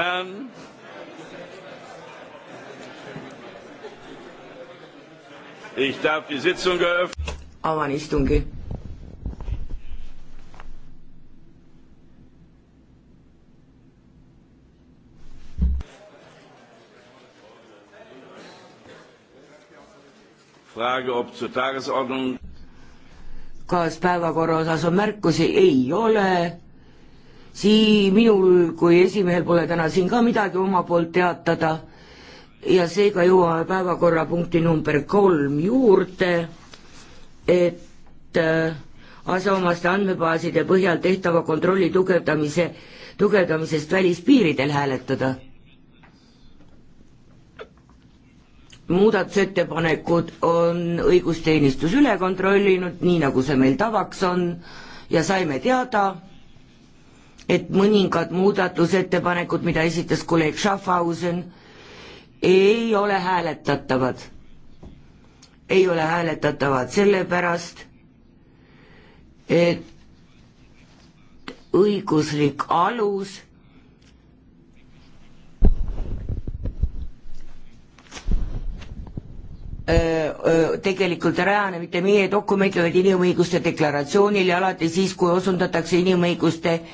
Um, ich darf die Sitzung eröffnen. Avan istungi. Frage, ob zur Tagesordnung. kas päevakorra osas on märkusi? ei ole sii-, minul kui esimehel pole täna siin ka midagi oma poolt teatada ja seega jõuame päevakorrapunkti number kolm juurde, et äh, asjaomaste andmebaaside põhjal tehtava kontrolli tugevdamise, tugevdamisest välispiiridel hääletada. muudatusettepanekud on õigusteenistus üle kontrollinud, nii nagu see meil tavaks on, ja saime teada, et mõningad muudatusettepanekud, mida esitas kolleeg Schaffhausen, ei ole hääletatavad. ei ole hääletatavad sellepärast, et õiguslik alus tegelikult ei rajane mitte meie dokumendil, vaid inimõiguste deklaratsioonil ja alati siis, kui osundatakse inimõiguste äh,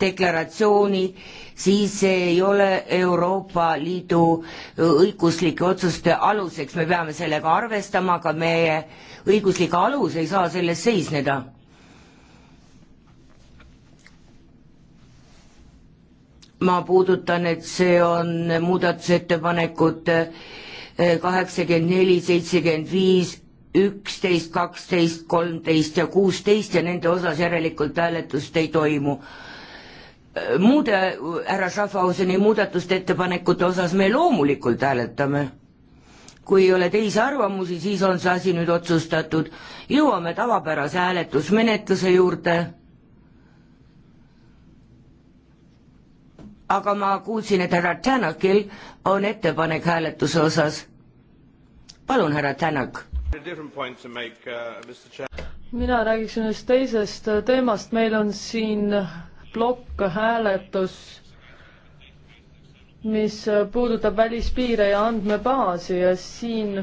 deklaratsiooni, siis see ei ole Euroopa Liidu õiguslike otsuste aluseks, me peame sellega arvestama, aga meie õiguslik alus ei saa selles seisneda ma puudutan, et see on muudatusettepanekud eh, kaheksakümmend neli, seitsekümmend viis, üksteist, kaksteist, kolmteist ja kuusteist ja nende osas järelikult hääletust ei toimu. Äh, muude, äh, härra Schaffhauseni muudatuste ettepanekute osas me loomulikult hääletame. kui ei ole teisi arvamusi, siis on see asi nüüd otsustatud. jõuame tavapärase hääletusmenetluse juurde aga ma kuulsin, et härra Tänakil on ettepanek hääletuse osas. palun, härra Tänak. mina räägiksin ühest teisest teemast, meil on siin plokkhääletus, mis puudutab välispiire ja andmebaasi ja siin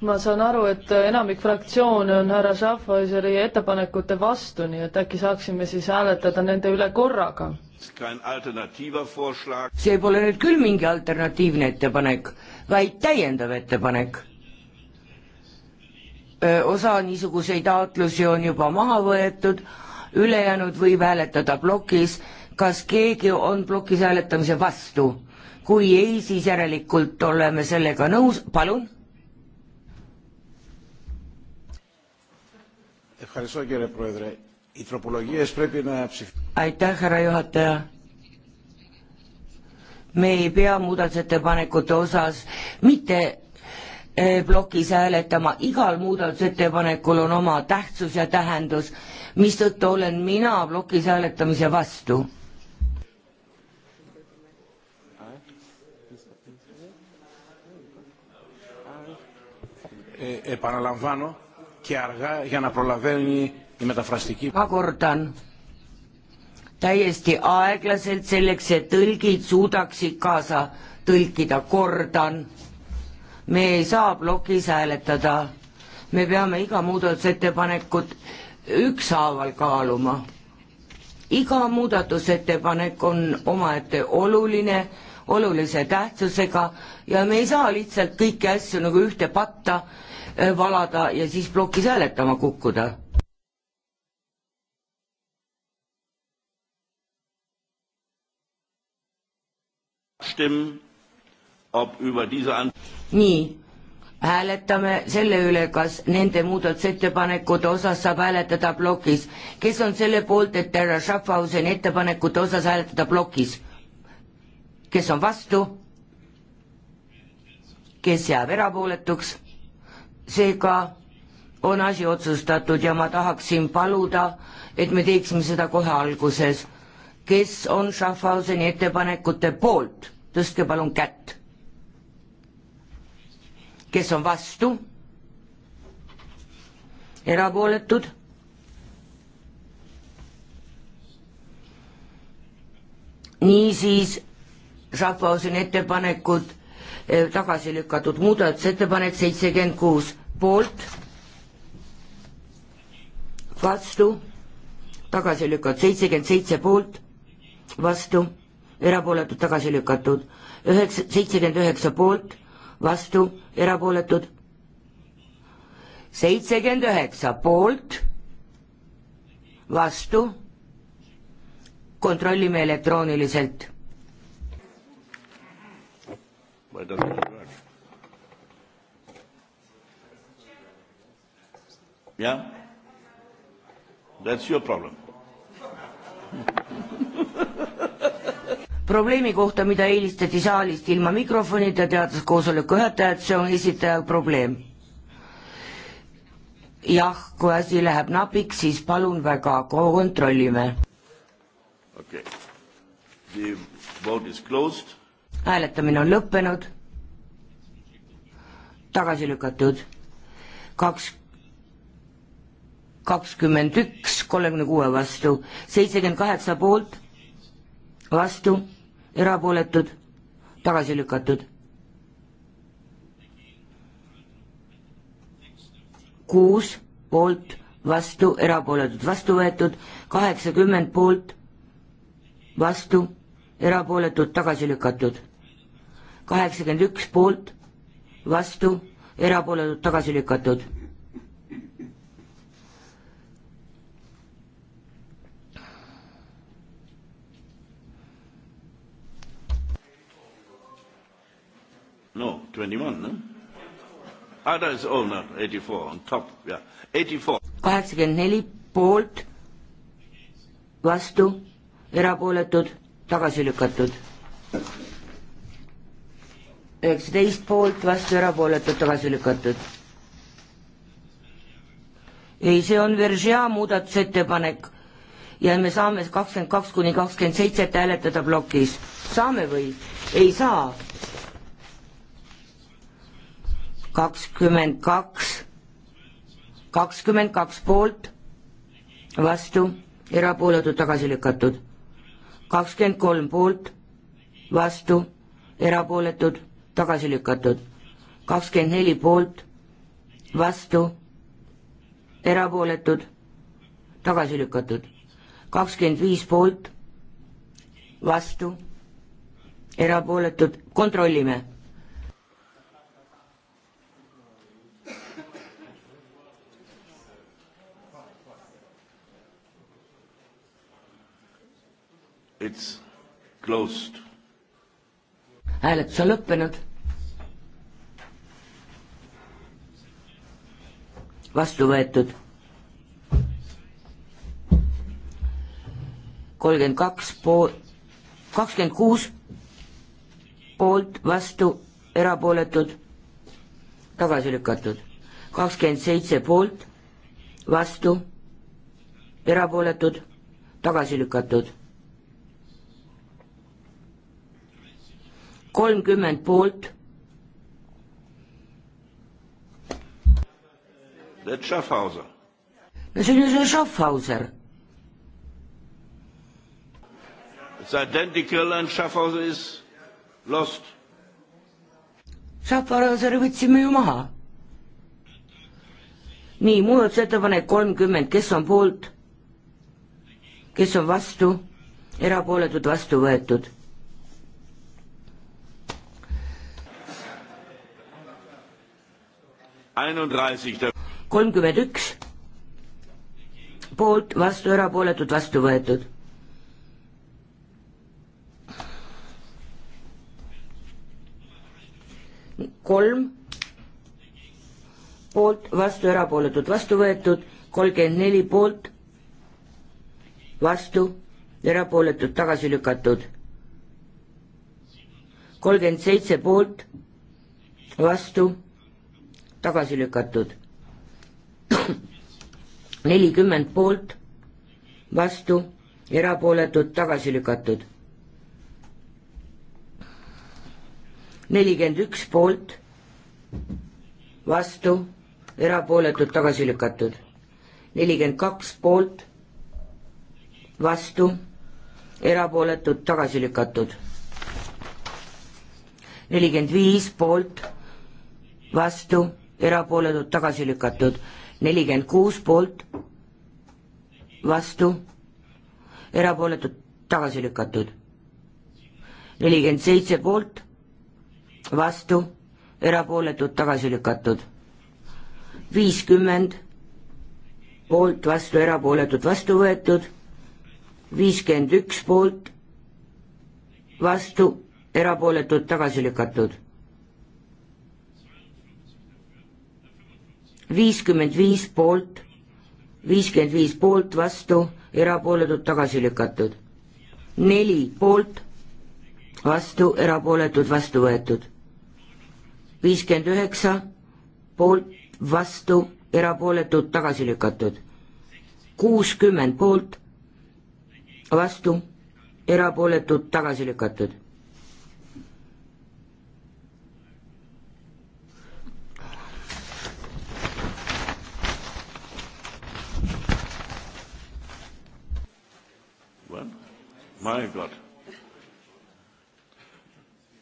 ma saan aru, et enamik fraktsioone on härra Schaffhauseri ettepanekute vastu, nii et äkki saaksime siis hääletada nende üle korraga. see pole nüüd küll mingi alternatiivne ettepanek, vaid täiendav ettepanek. osa niisuguseid taotlusi on juba maha võetud ülejäänud võib hääletada plokis, kas keegi on plokis hääletamise vastu? kui ei, siis järelikult oleme sellega nõus, palun. aitäh, härra juhataja me ei pea muudatusettepanekute osas mitte eh, plokis hääletama, igal muudatusettepanekul on oma tähtsus ja tähendus mistõttu olen mina plokis hääletamise vastu. επαναλαμβάνω και αργά για να προλαβαίνει η μεταφραστική. Ma kordan täiesti aeglaselt selleks, et tõlgid suudaksid kaasa tõlkida, kordan. me ei saa plokis hääletada, me peame iga muudatusettepanekut ükshaaval kaaluma. iga muudatusettepanek on omaette oluline, olulise tähtsusega ja me ei saa lihtsalt kõiki asju nagu ühte patta äh, valada ja siis plokis hääletama kukkuda abstimmen, ob über diese An- nii, hääletame selle üle, kas nende muudatusettepanekute osas saab hääletada plokis. kes on selle poolt, et härra Schaffhauseni ettepanekute osas hääletada plokis? kes on vastu? kes jääb erapooletuks? seega on asi otsustatud ja ma tahaksin paluda, et me teeksime seda kohe alguses. kes on Schaffhauseni ettepanekute poolt, tõstke palun kätt kes on vastu, erapooletud. niisiis Schaffhauseni ettepanekud eh, tagasi lükatud, muudatusettepanek seitsekümmend kuus, poolt, vastu, tagasi lükatud, seitsekümmend seitse poolt, vastu, erapooletud, tagasi lükatud, üheksa, seitsekümmend üheksa poolt vastu, erapooletud. seitsekümmend üheksa poolt, vastu, kontrollime elektrooniliselt. jah, that's your problem probleemi kohta, mida eelistati saalist ilma mikrofonita, teatas koosoleku juhataja, et see on esitaja probleem. jah, kui asi läheb napiks, siis palun väga, kontrollime. okei okay., the vote is closed. hääletamine on lõppenud, tagasi lükatud, kaks, kakskümmend üks, kolmekümne kuue vastu, seitsekümmend kaheksa poolt, vastu erapooletud, tagasi lükatud. kuus poolt, vastu, erapooletud, vastu võetud, kaheksakümmend poolt, vastu, erapooletud, tagasi lükatud. kaheksakümmend üks poolt, vastu, erapooletud, tagasi lükatud No, 21, no? Ah, that is, oh no, 84 on top, yeah, 84. kaheksakümmend neli poolt, vastu, erapooletud, tagasi lükatud. üheksateist poolt, vastu, erapooletud, tagasi lükatud. ei, see on Veržea muudatusettepanek ja me saame kakskümmend kaks kuni kakskümmend seitset hääletada plokis. saame või? ei saa kakskümmend kaks, kakskümmend kaks poolt, vastu, erapooletud, tagasi lükatud. kakskümmend kolm poolt, vastu, erapooletud, tagasi lükatud. kakskümmend neli poolt, vastu, erapooletud, tagasi lükatud. kakskümmend viis poolt, vastu, erapooletud, kontrollime It's closed. hääletus on lõppenud. vastu võetud. kolmkümmend kaks pool, kakskümmend kuus poolt, vastu, erapooletud, tagasi lükatud. kakskümmend seitse poolt, vastu, erapooletud, tagasi lükatud kolmkümmend poolt. no see on ju see Schaffhauser. It's identical and Schaffhauser is lost. Schaffhauseri võtsime ju maha. nii, muudatusettepanek kolmkümmend, kes on poolt? kes on vastu? erapooletud, vastu võetud kolmkümmend üks poolt, vastu, erapooletud, vastu võetud. kolm poolt, vastu, erapooletud, vastu võetud, kolmkümmend neli poolt, vastu, erapooletud, tagasi lükatud. kolmkümmend seitse poolt, vastu tagasi lükatud. nelikümmend poolt, vastu, erapooletud, tagasi lükatud. nelikümmend üks poolt, vastu, erapooletud, tagasi lükatud. nelikümmend kaks poolt, vastu, erapooletud, tagasi lükatud. nelikümmend viis poolt, vastu erapooletud, tagasi lükatud. nelikümmend kuus poolt, vastu, erapooletud, tagasi lükatud. nelikümmend seitse poolt, vastu, erapooletud, tagasi lükatud. viiskümmend poolt, vastu, erapooletud, vastu võetud. viiskümmend üks poolt, vastu, erapooletud, tagasi lükatud viiskümmend viis poolt, viiskümmend viis poolt vastu, erapooletud tagasi lükatud. neli poolt vastu, erapooletud vastu võetud. viiskümmend üheksa poolt vastu, erapooletud tagasi lükatud. kuuskümmend poolt vastu, erapooletud tagasi lükatud. Mein Gott.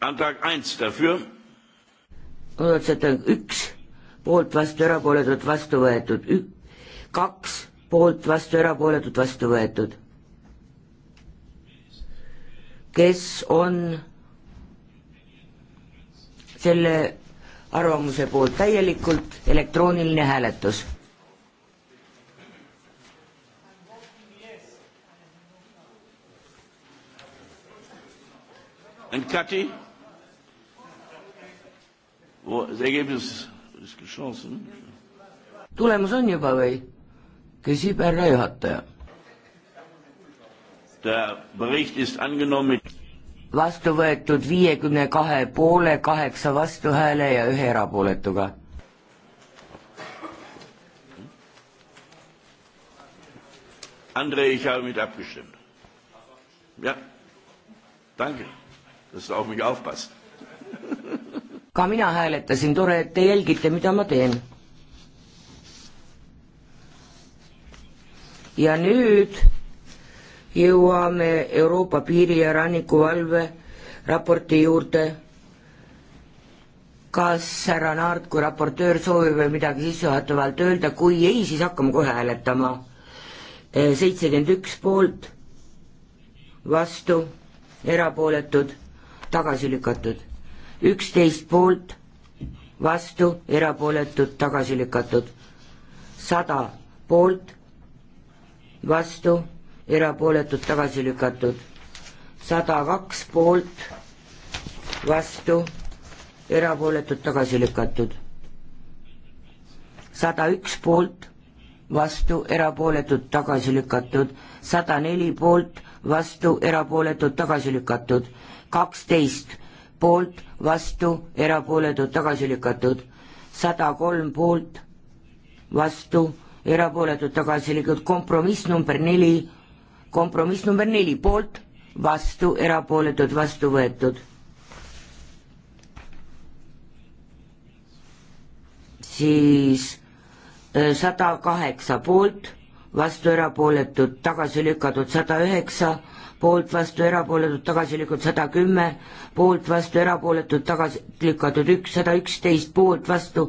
Antrag 1 dafür. muudatusettepanek üks, poolt, vastu, erapooletud, vastu võetud, ük-, kaks, poolt, vastu, erapooletud, vastu võetud. kes on selle arvamuse poolt täielikult elektrooniline hääletus And Kathi? Das Ergebnis ist geschlossen. tulemus on juba või? küsib härra juhataja. vastu võetud viiekümne kahe poole, kaheksa vastuhääle ja ühe erapooletuga André, ich habe mit abgestimmt. Ja, danke sa auf mich aufpass. ka mina hääletasin, tore, et te jälgite, mida ma teen. ja nüüd jõuame Euroopa piiri- ja rannikuvalve raporti juurde. kas härra Naart kui raportöör soovib veel midagi sissejuhatavalt öelda, kui ei, siis hakkame kohe hääletama. Eh, seitsekümmend üks poolt, vastu, erapooletud tagasi lükatud. üksteist poolt, vastu, erapooletud, tagasi lükatud. sada poolt, vastu, erapooletud, tagasi lükatud. sada kaks poolt, vastu, erapooletud, tagasi lükatud. sada üks poolt, vastu, erapooletud, tagasi lükatud. sada neli poolt, vastu, erapooletud, tagasi lükatud kaksteist poolt, vastu, erapooletud, tagasi lükatud. sada kolm poolt, vastu, erapooletud, tagasi lükatud, kompromiss number neli, kompromiss number neli poolt, vastu, erapooletud, vastu võetud. siis äh, sada kaheksa poolt, vastu erapooletud, tagasi lükatud sada üheksa poolt vastu erapooletud tagasi lükatud sada kümme, poolt vastu erapooletud tagasi lükatud üks, sada üksteist, poolt vastu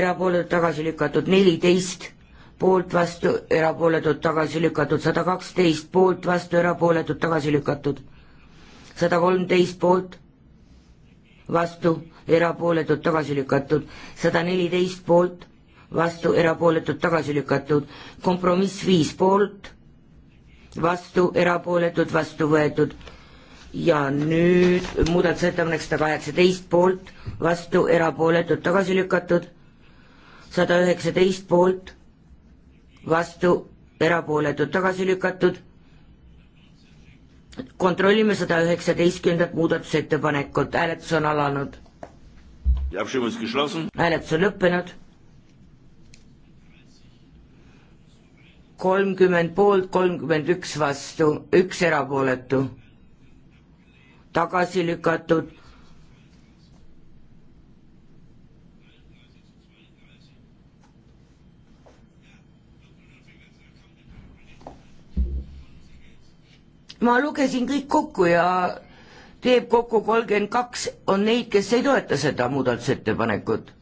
erapooletud tagasi lükatud neliteist, poolt vastu erapooletud tagasi lükatud sada kaksteist, poolt vastu erapooletud tagasi lükatud sada kolmteist, poolt vastu erapooletud tagasi lükatud sada neliteist, poolt vastu erapooletud tagasi lükatud kompromiss viis poolt vastu, erapooletud, vastu võetud. ja nüüd muudatusettepanek sada kaheksateist poolt, vastu, erapooletud, tagasi lükatud. sada üheksateist poolt, vastu, erapooletud, tagasi lükatud. kontrollime sada üheksateistkümnendat muudatusettepanekut, hääletus on alanud. hääletus on lõppenud kolmkümmend poolt, kolmkümmend üks vastu, üks erapooletu. tagasi lükatud. ma lugesin kõik kokku ja teeb kokku kolmkümmend kaks, on neid, kes ei toeta seda muudatusettepanekut.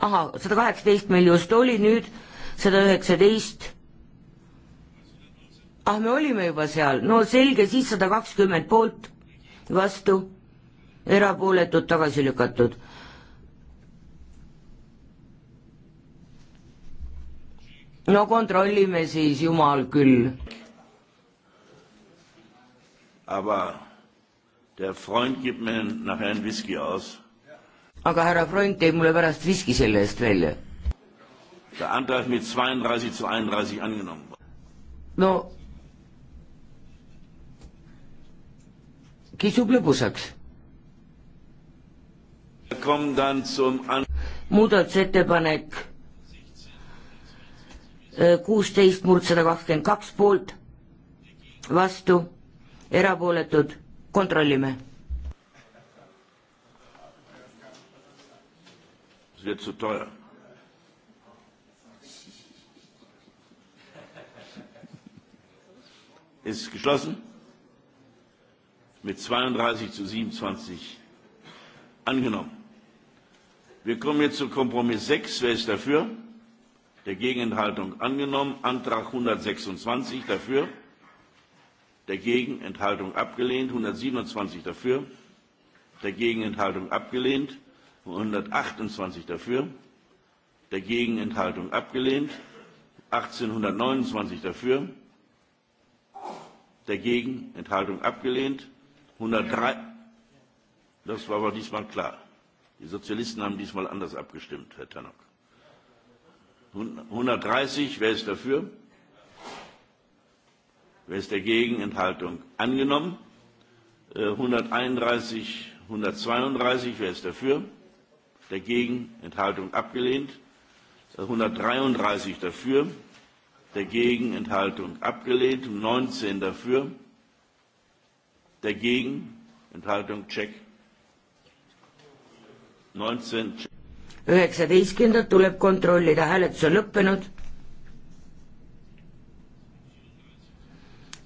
ahah, sada kaheksateist meil just oli, nüüd sada üheksateist. ah, me olime juba seal, no selge, siis sada kakskümmend poolt, vastu, erapooletud, tagasi lükatud. no kontrollime siis, jumal küll. aga Der Freund gibt mir nachher einen Whisky aus. aga härra Freund teeb mulle pärast viski selle eest välja Der Antrag mit 32 zu 31 angenommen worden. no kisub lõbusaks. muudatusettepanek äh, kuusteist murd sada kakskümmend kaks poolt, vastu, erapooletud, kontrollime. see on too teuer. ist geschlossen. Mit 32 zu 27 angenommen. Wir kommen jetzt zu Kompromiss 6. Wer ist dafür? Der Gegenenthaltung angenommen. Antrag 126 dafür. Der Gegenenthaltung abgelehnt. 127 dafür. Der Gegenenthaltung abgelehnt. 128 dafür. Der Gegenenthaltung abgelehnt. 1829 dafür dagegen, Enthaltung abgelehnt. 103, das war aber diesmal klar. Die Sozialisten haben diesmal anders abgestimmt, Herr Tannock. 130, wer ist dafür? Wer ist dagegen? Enthaltung angenommen. 131, äh, 132, wer ist dafür? Dagegen, Enthaltung abgelehnt. 133 äh, dafür, dagegen Enthaltung abgelehnt, 19 dafür, dagegen Enthaltung check. 19 check. üheksateistkümnendat tuleb kontrollida, hääletus on lõppenud.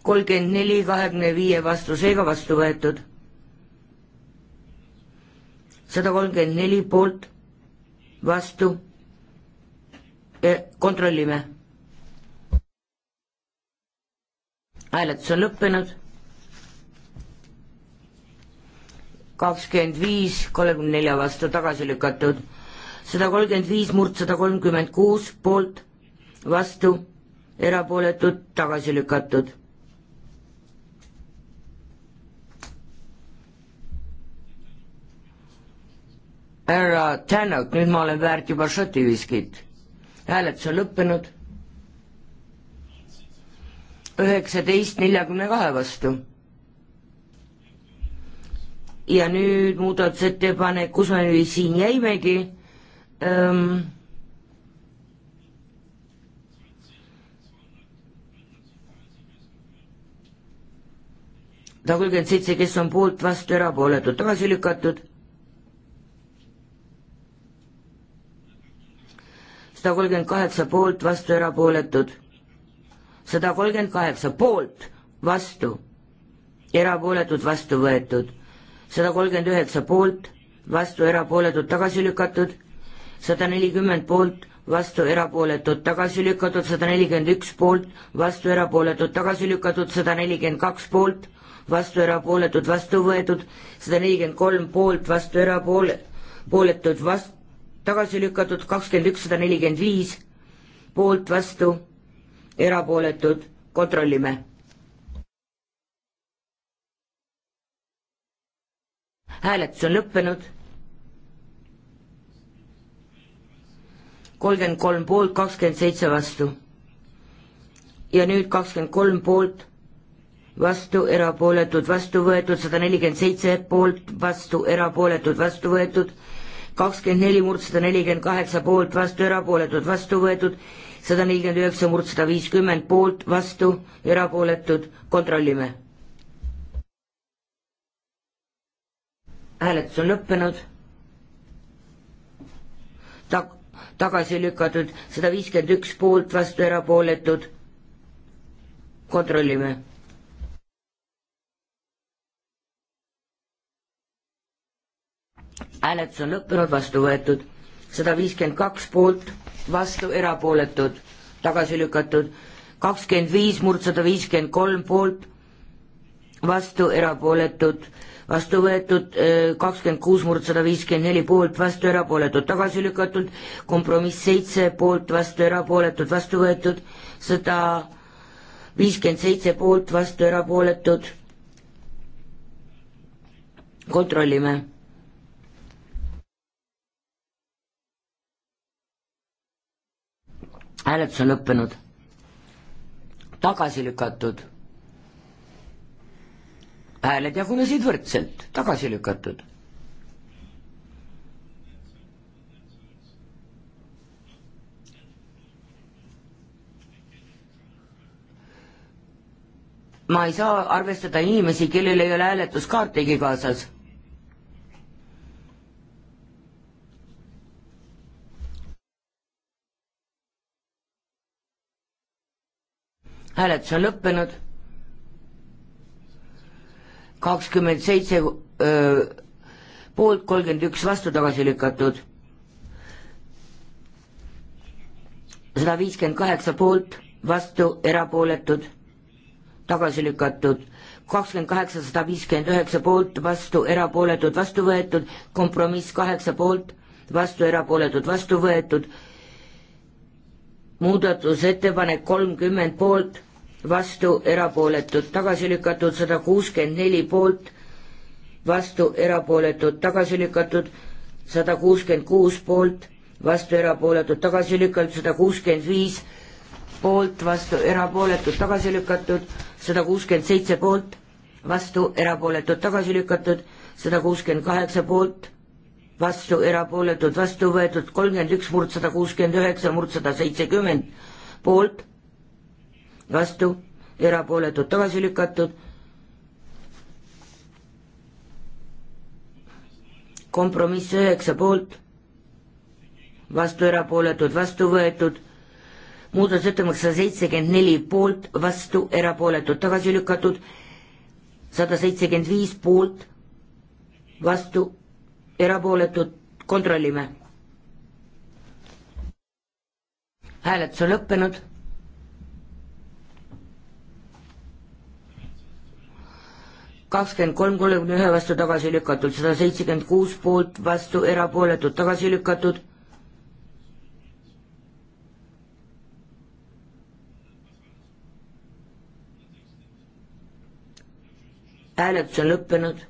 kolmkümmend neli, kahekümne viie vastusega vastu võetud. sada kolmkümmend neli poolt, vastu. Eh, kontrollime hääletus on lõppenud. kakskümmend viis, kolmekümne nelja vastu tagasi lükatud, sada kolmkümmend viis murd sada kolmkümmend kuus poolt, vastu, erapooletud, tagasi lükatud härra Tänak, nüüd ma olen väärt juba šotiviskit. hääletus on lõppenud üheksateist neljakümne kahe vastu. ja nüüd muudatusettepanek, kus me nüüd siin jäimegi ähm,. kolmkümmend seitse, kes on poolt, vastu, erapooletud, tagasi lükatud. sada kolmkümmend kaheksa poolt, vastu, erapooletud sada kolmkümmend kaheksa poolt, vastu, erapooletud, vastu võetud, sada kolmkümmend üheksa poolt, vastu, erapooletud, tagasi lükatud, sada nelikümmend poolt, vastu, erapooletud, tagasi lükatud, sada nelikümmend üks poolt, vastu, erapooletud, tagasi lükatud, sada nelikümmend kaks poolt, vastu, erapooletud, vastu võetud, sada nelikümmend kolm poolt, vastu, erapoole-, pooletud, vastu, tagasi lükatud, kakskümmend üks, sada nelikümmend viis, poolt, vastu erapooletud, kontrollime. hääletus on lõppenud. kolmkümmend kolm poolt, kakskümmend seitse vastu. ja nüüd kakskümmend kolm poolt, vastu, erapooletud, vastu võetud, sada nelikümmend seitse poolt, vastu, erapooletud, vastu võetud kakskümmend neli murd sada nelikümmend kaheksa poolt, vastu erapooletud, vastu võetud sada nelikümmend üheksa murd sada viiskümmend poolt, vastu, erapooletud, kontrollime. hääletus on lõppenud. Ta-, tagasi lükatud sada viiskümmend üks poolt, vastu, erapooletud, kontrollime hääletus on lõppenud, vastu võetud sada viiskümmend kaks poolt, vastu erapooletud, tagasi lükatud, kakskümmend viis murd sada viiskümmend kolm poolt, vastu erapooletud, vastu võetud äh, kakskümmend kuus murd sada viiskümmend neli poolt, vastu erapooletud, tagasi lükatud, kompromiss seitse poolt, vastu erapooletud, vastu võetud sada viiskümmend seitse poolt, vastu erapooletud, kontrollime hääletus on lõppenud. tagasi lükatud. hääled jagunesid võrdselt, tagasi lükatud. ma ei saa arvestada inimesi, kellel ei ole hääletuskaartigi kaasas hääletus on lõppenud, kakskümmend seitse poolt, kolmkümmend üks vastu tagasi lükatud, sada viiskümmend kaheksa poolt, vastu erapooletud, tagasi lükatud, kakskümmend kaheksa, sada viiskümmend üheksa poolt, vastu erapooletud, vastu võetud, kompromiss kaheksa poolt, vastu erapooletud, vastu võetud, muudatusettepanek kolmkümmend poolt vastu erapooletud, tagasi lükatud sada kuuskümmend neli poolt, vastu erapooletud, tagasi lükatud sada kuuskümmend kuus poolt, vastu erapooletud, tagasi lükatud sada kuuskümmend viis poolt, vastu erapooletud, tagasi lükatud sada kuuskümmend seitse poolt, vastu erapooletud, tagasi lükatud sada kuuskümmend kaheksa poolt, vastu erapooletud, vastu võetud kolmkümmend üks murd sada kuuskümmend üheksa murd sada seitsekümmend poolt vastu, erapooletud tagasi lükatud. kompromiss üheksa poolt, vastu erapooletud, vastu võetud. muudatusettepanek sada seitsekümmend neli poolt, vastu erapooletud, tagasi lükatud. sada seitsekümmend viis poolt, vastu erapooletud, kontrollime. hääletus on lõppenud kakskümmend kolm kolmekümne ühe vastu tagasi lükatud, sada seitsekümmend kuus poolt vastu, erapooletud tagasi lükatud. hääletus on lõppenud.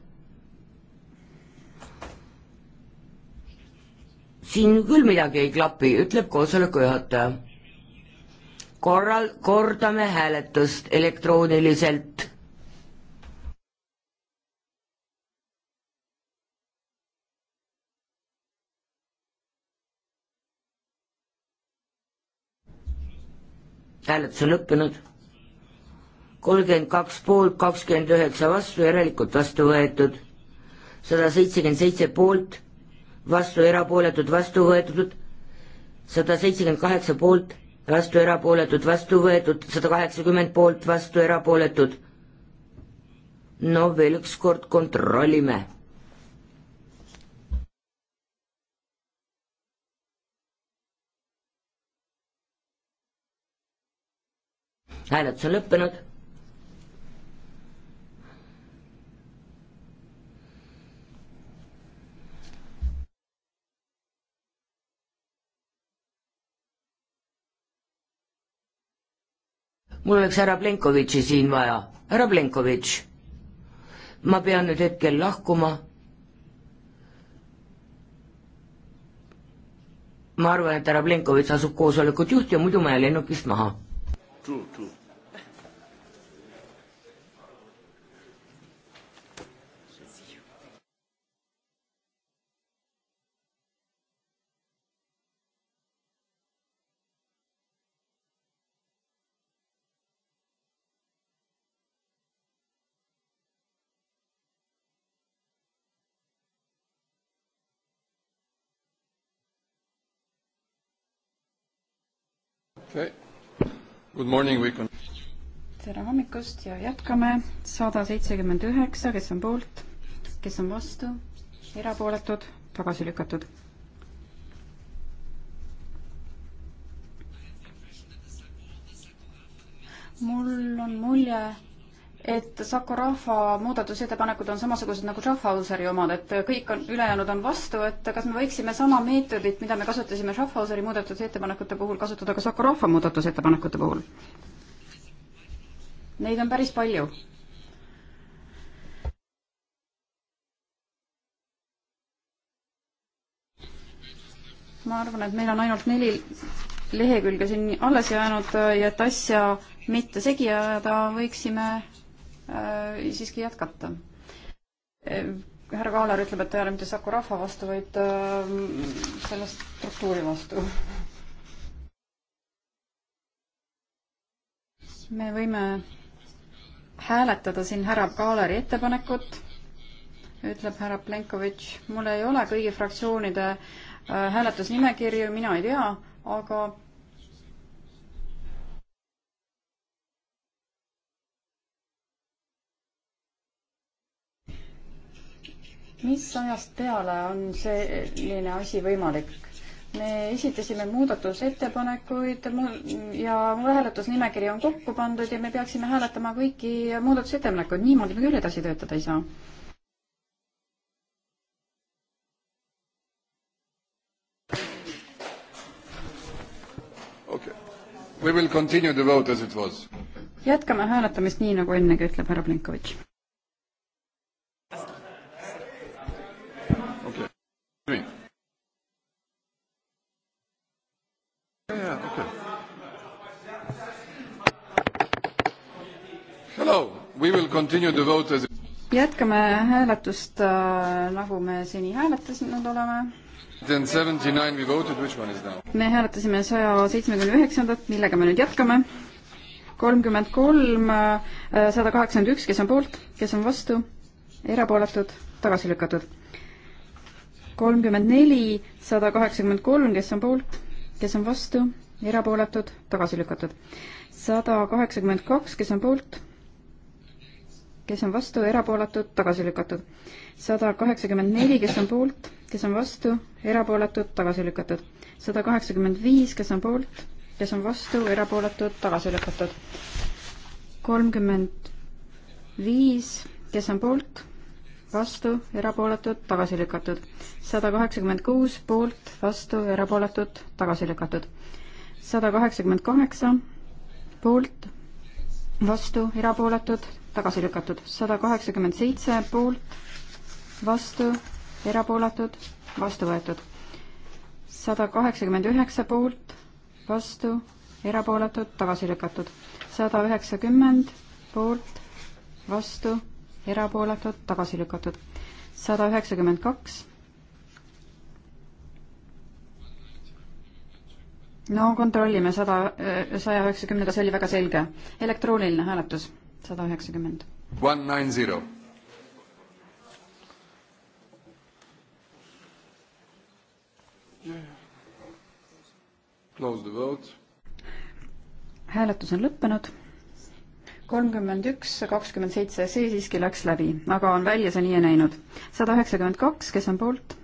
siin küll midagi ei klapi, ütleb koosoleku juhataja. korral, kordame hääletust elektrooniliselt hääletus on lõppenud. kolmkümmend kaks poolt, kakskümmend üheksa vastu, järelikult vastu võetud. sada seitsekümmend seitse poolt, vastu erapooletud, vastu võetud. sada seitsekümmend kaheksa poolt, vastu erapooletud, vastu võetud, sada kaheksakümmend poolt, vastu erapooletud. no veel ükskord kontrollime hääletus on lõppenud. mul oleks härra Plenkovitši siin vaja, härra Plenkovitš, ma pean nüüd hetkel lahkuma ma arvan, et härra Plenkovitš asub koosolekut juhtima, muidu ma jään lennukist maha. okay.. Can... tere hommikust ja jätkame. sada seitsekümmend üheksa, kes on poolt, kes on vastu, erapooletud, tagasi lükatud. mul on mulje et Saku rahva muudatusettepanekud on samasugused nagu Schaffhauseri omad, et kõik on, ülejäänud on vastu, et kas me võiksime sama meetodit, mida me kasutasime Schaffhauseri muudatusettepanekute puhul, kasutada ka Saku rahva muudatusettepanekute puhul? Neid on päris palju. ma arvan, et meil on ainult neli lehekülge siin alles jäänud ja et asja mitte segi ajada, võiksime Äh, siiski jätkata. Äh, härra Kaalar ütleb, et ta ei ole mitte Saku rahva vastu, vaid äh, selle struktuuri vastu. me võime hääletada siin härra Kaalari ettepanekut, ütleb härra Plenkovitš. mul ei ole kõigi fraktsioonide hääletusnimekirju, mina ei tea, aga mis ajast peale on selline asi võimalik? me esitasime muudatusettepanekuid ja mu hääletusnimekiri on kokku pandud ja me peaksime hääletama kõiki muudatusettepanekuid, niimoodi me küll edasi töötada ei saa jätkame hääletamist nii, nagu ennegi ütleb härra Plenkovitš. Oui. Yeah, okay. Hello, we will continue the vote as jätkame hääletust äh,, nagu me seni hääletanud oleme. We voted, which one is now? me hääletasime saja seitsmekümne üheksandat, millega me nüüd jätkame. kolmkümmend kolm, äh, sada kaheksakümmend üks, kes on poolt, kes on vastu, erapooletud, tagasi lükatud kolmkümmend neli, sada kaheksakümmend kolm, kes on poolt, kes on vastu, erapooletud, tagasi lükatud. sada kaheksakümmend kaks, kes on poolt, kes on vastu, erapooletud, tagasi lükatud. sada kaheksakümmend neli, kes on poolt, kes on vastu, erapooletud, tagasi lükatud. sada kaheksakümmend viis, kes on poolt, kes on vastu, erapooletud, tagasi lükatud. kolmkümmend viis, kes on poolt vastu, erapooletud, tagasi lükatud. sada kaheksakümmend kuus poolt, vastu, erapooletud, tagasi lükatud. sada kaheksakümmend kaheksa poolt, vastu, erapooletud, tagasi lükatud. sada kaheksakümmend seitse poolt, vastu, erapooletud, vastu võetud. sada kaheksakümmend üheksa poolt, vastu, erapooletud, tagasi lükatud. sada üheksakümmend poolt, vastu erapooletud, tagasi lükatud. sada üheksakümmend kaks. no kontrollime sada, eh, saja üheksakümnega, see oli väga selge. elektrooniline hääletus, sada üheksakümmend. One nine zero. Close the vote. hääletus on lõppenud kolmkümmend üks, kakskümmend seitse, see siiski läks läbi, aga on välja see nii näinud. sada üheksakümmend kaks, kes on poolt,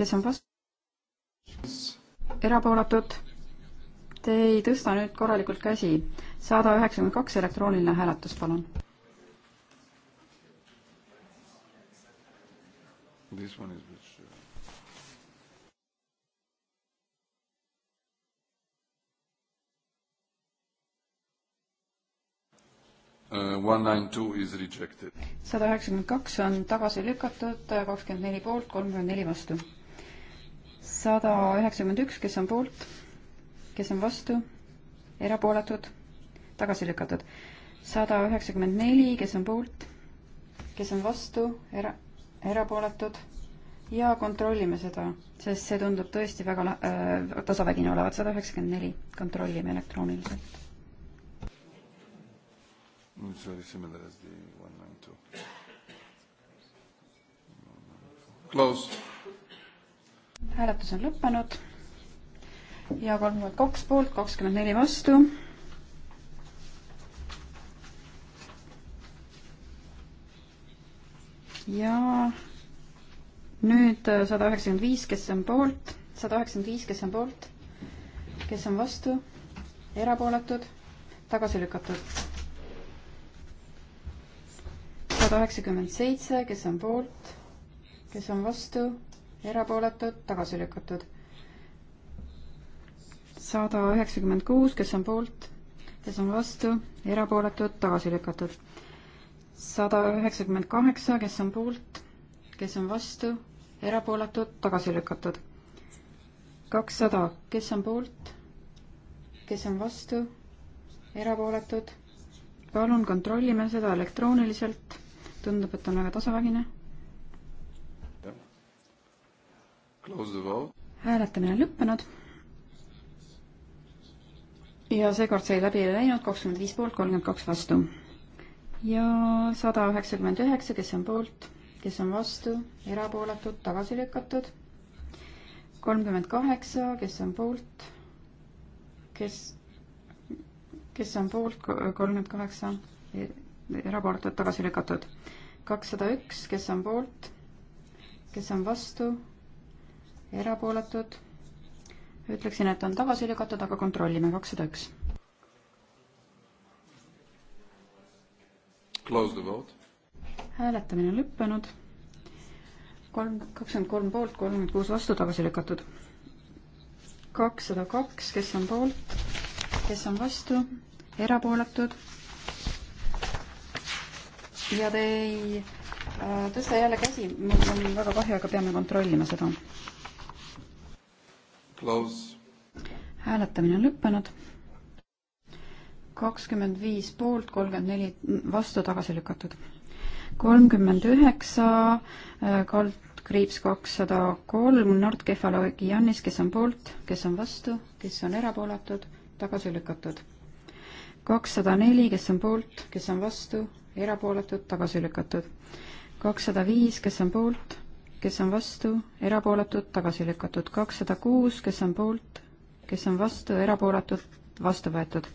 kes on vastu? erapooletud? Te ei tõsta nüüd korralikult käsi. sada üheksakümmend kaks, elektrooniline hääletus, palun. This one is Uh, sada üheksakümmend kaks on tagasi lükatud, kakskümmend neli poolt, kolmkümmend neli vastu. sada üheksakümmend üks, kes on poolt, kes on vastu, erapooletud, tagasi lükatud. sada üheksakümmend neli, kes on poolt, kes on vastu, era-, erapooletud ja kontrollime seda, sest see tundub tõesti väga äh, tasavägine olevat, sada üheksakümmend neli, kontrollime elektrooniliselt It's very similar as the 192. Close. hääletus on lõppenud ja kolmkümmend kaks poolt, kakskümmend neli vastu. ja nüüd sada üheksakümmend viis, kes on poolt, sada üheksakümmend viis, kes on poolt, kes on vastu, erapooletud, tagasi lükatud sada üheksakümmend seitse, kes on poolt, kes on vastu, erapooletud, tagasi lükatud. sada üheksakümmend kuus, kes on poolt, kes on vastu, erapooletud, tagasi lükatud. sada üheksakümmend kaheksa, kes on poolt, kes on vastu, erapooletud, tagasi lükatud kakssada, kes on poolt, kes on vastu, erapooletud. palun kontrollime seda elektrooniliselt tundub, et on väga tasavägine. hääletamine on lõppenud. ja seekord sai läbi läinud kakskümmend viis poolt, kolmkümmend kaks vastu. ja sada üheksakümmend üheksa, kes on poolt, kes on vastu, erapooletud, tagasi lükatud. kolmkümmend kaheksa, kes on poolt, kes, kes on poolt, kolmkümmend kaheksa erapooletud, tagasi lükatud. kakssada üks, kes on poolt, kes on vastu, erapooletud. ütleksin, et on tagasi lükatud, aga kontrollime, kakssada üks. Close the vote. hääletamine on lõppenud. kolm, kakskümmend kolm poolt, kolmkümmend kuus vastu, tagasi lükatud. kakssada kaks, kes on poolt, kes on vastu, erapooletud ja te ei äh, tõsta jälle käsi, mul on väga kahju, aga peame kontrollima seda. hääletamine on lõppenud. kakskümmend viis poolt, kolmkümmend neli vastu, tagasi lükatud. kolmkümmend üheksa, äh, kald kriips kakssada kolm, Nord Kefalogiannis, kes on poolt, kes on vastu, kes on erapooletud, tagasi lükatud kakssada neli, kes on poolt, kes on vastu, erapooletud, tagasi lükatud. kakssada viis, kes on poolt, kes on vastu, erapooletud, tagasi lükatud. kakssada kuus, kes on poolt, kes on vastu, erapooletud, vastu võetud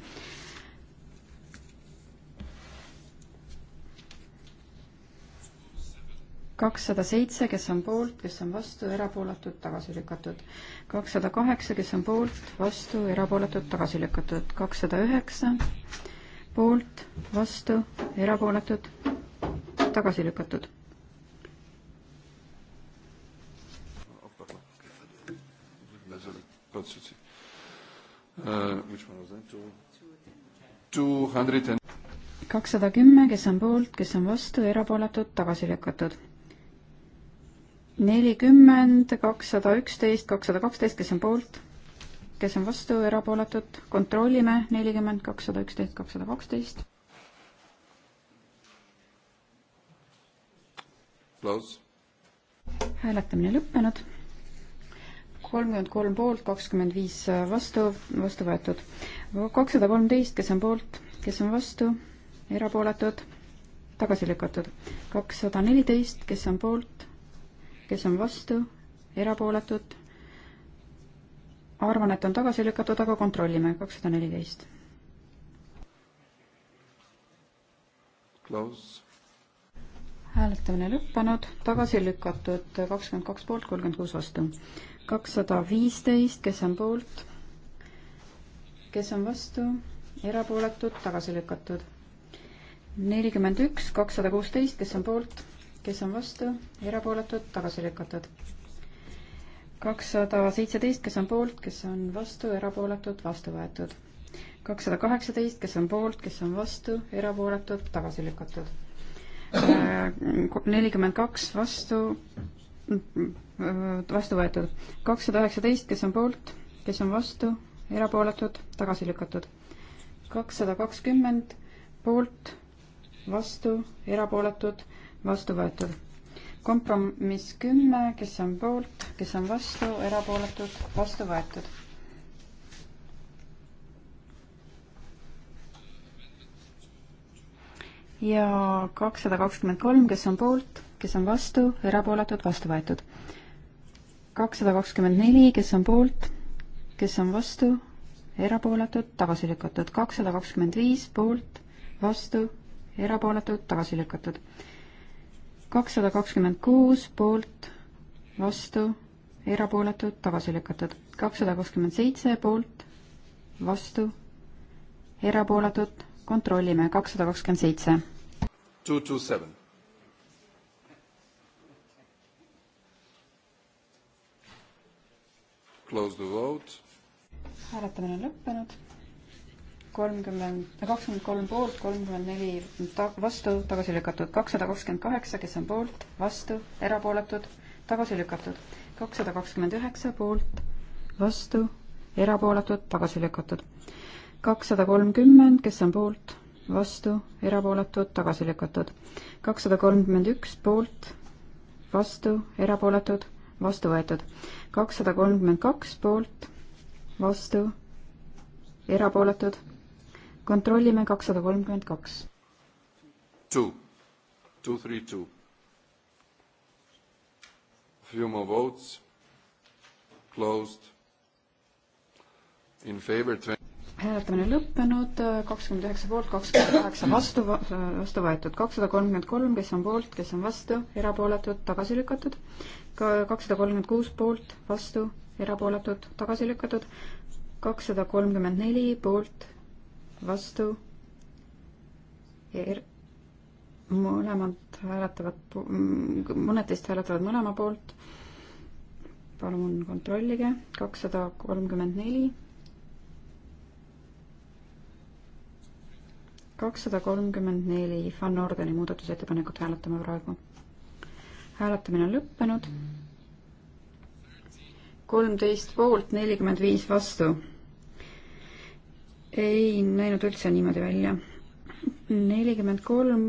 kakssada seitse, kes on poolt, kes on vastu, erapooletud, tagasi lükatud. kakssada kaheksa, kes on poolt, vastu, erapooletud, tagasi lükatud. kakssada üheksa, poolt, vastu, erapooletud, tagasi lükatud. kakssada kümme, kes on poolt, kes on vastu, erapooletud, tagasi lükatud nelikümmend, kakssada üksteist, kakssada kaksteist, kes on poolt, kes on vastu, erapooletud, kontrollime, nelikümmend, kakssada üksteist, kakssada kaksteist. Close. hääletamine lõppenud. kolmkümmend kolm poolt, kakskümmend viis äh, vastu, vastu võetud. kakssada kolmteist, kes on poolt, kes on vastu, erapooletud, tagasi lükatud. kakssada neliteist, kes on poolt kes on vastu, erapooletud. arvan, et on tagasi lükatud, aga kontrollime, kakssada neliteist. Close. hääletamine lõppenud, tagasi lükatud, kakskümmend kaks poolt, kolmkümmend kuus vastu. kakssada viisteist, kes on poolt, kes on vastu, erapooletud, tagasi lükatud. nelikümmend üks, kakssada kuusteist, kes on poolt kes on vastu, erapooletud, tagasi lükatud. kakssada seitseteist, kes on poolt, kes on vastu, erapooletud, vastu võetud. kakssada kaheksateist, kes on poolt, kes on vastu, erapooletud, tagasi lükatud. Äh, nelikümmend kaks vastu, mm, vastu võetud. kakssada üheksateist, kes on poolt, kes on vastu, erapooletud, tagasi lükatud. kakssada kakskümmend poolt, vastu, erapooletud vastu võetud. kompromiss kümme, kes on poolt, kes on vastu, erapooletud, vastu võetud. ja kakssada kakskümmend kolm, kes on poolt, kes on vastu, erapooletud, vastu võetud. kakssada kakskümmend neli, kes on poolt, kes on vastu, erapooletud, tagasi lükatud. kakssada kakskümmend viis poolt, vastu, erapooletud, tagasi lükatud kakssada kakskümmend kuus poolt, vastu, erapooletud, tagasi lükatud. kakssada kakskümmend seitse poolt, vastu, erapooletud, kontrollime, kakssada kakskümmend seitse. Two two seven. Close the vote. hääletamine on lõppenud kolmkümmend, kakskümmend kolm poolt, kolmkümmend neli ta-, vastu, tagasi lükatud. kakssada kakskümmend kaheksa, kes on poolt, vastu, erapooletud, tagasi lükatud. kakssada kakskümmend üheksa poolt, vastu, erapooletud, tagasi lükatud. kakssada kolmkümmend, kes on poolt, vastu, erapooletud, tagasi lükatud. kakssada kolmkümmend üks poolt, vastu, erapooletud, vastu võetud. kakssada kolmkümmend kaks poolt, vastu, erapooletud kontrollime kakssada kolmkümmend kaks. Two, two, three, two. Few more votes. Closed. In favor twenty hääletamine lõppenud, kakskümmend üheksa poolt, kakskümmend kaheksa vastu, vastu võetud, kakssada kolmkümmend kolm, kes on poolt, kes on vastu, erapooletud, tagasi lükatud, ka kakssada kolmkümmend kuus poolt, vastu, erapooletud, tagasi lükatud, kakssada kolmkümmend neli poolt, vastu ja er-, mõlemad hääletavad, mm, mõned teist hääletavad mõlema poolt. palun kontrollige, kakssada kolmkümmend neli. kakssada kolmkümmend neli Van Ordeni muudatusettepanekut hääletame praegu. hääletamine on lõppenud. kolmteist poolt, nelikümmend viis vastu ei näinud üldse niimoodi välja. nelikümmend kolm,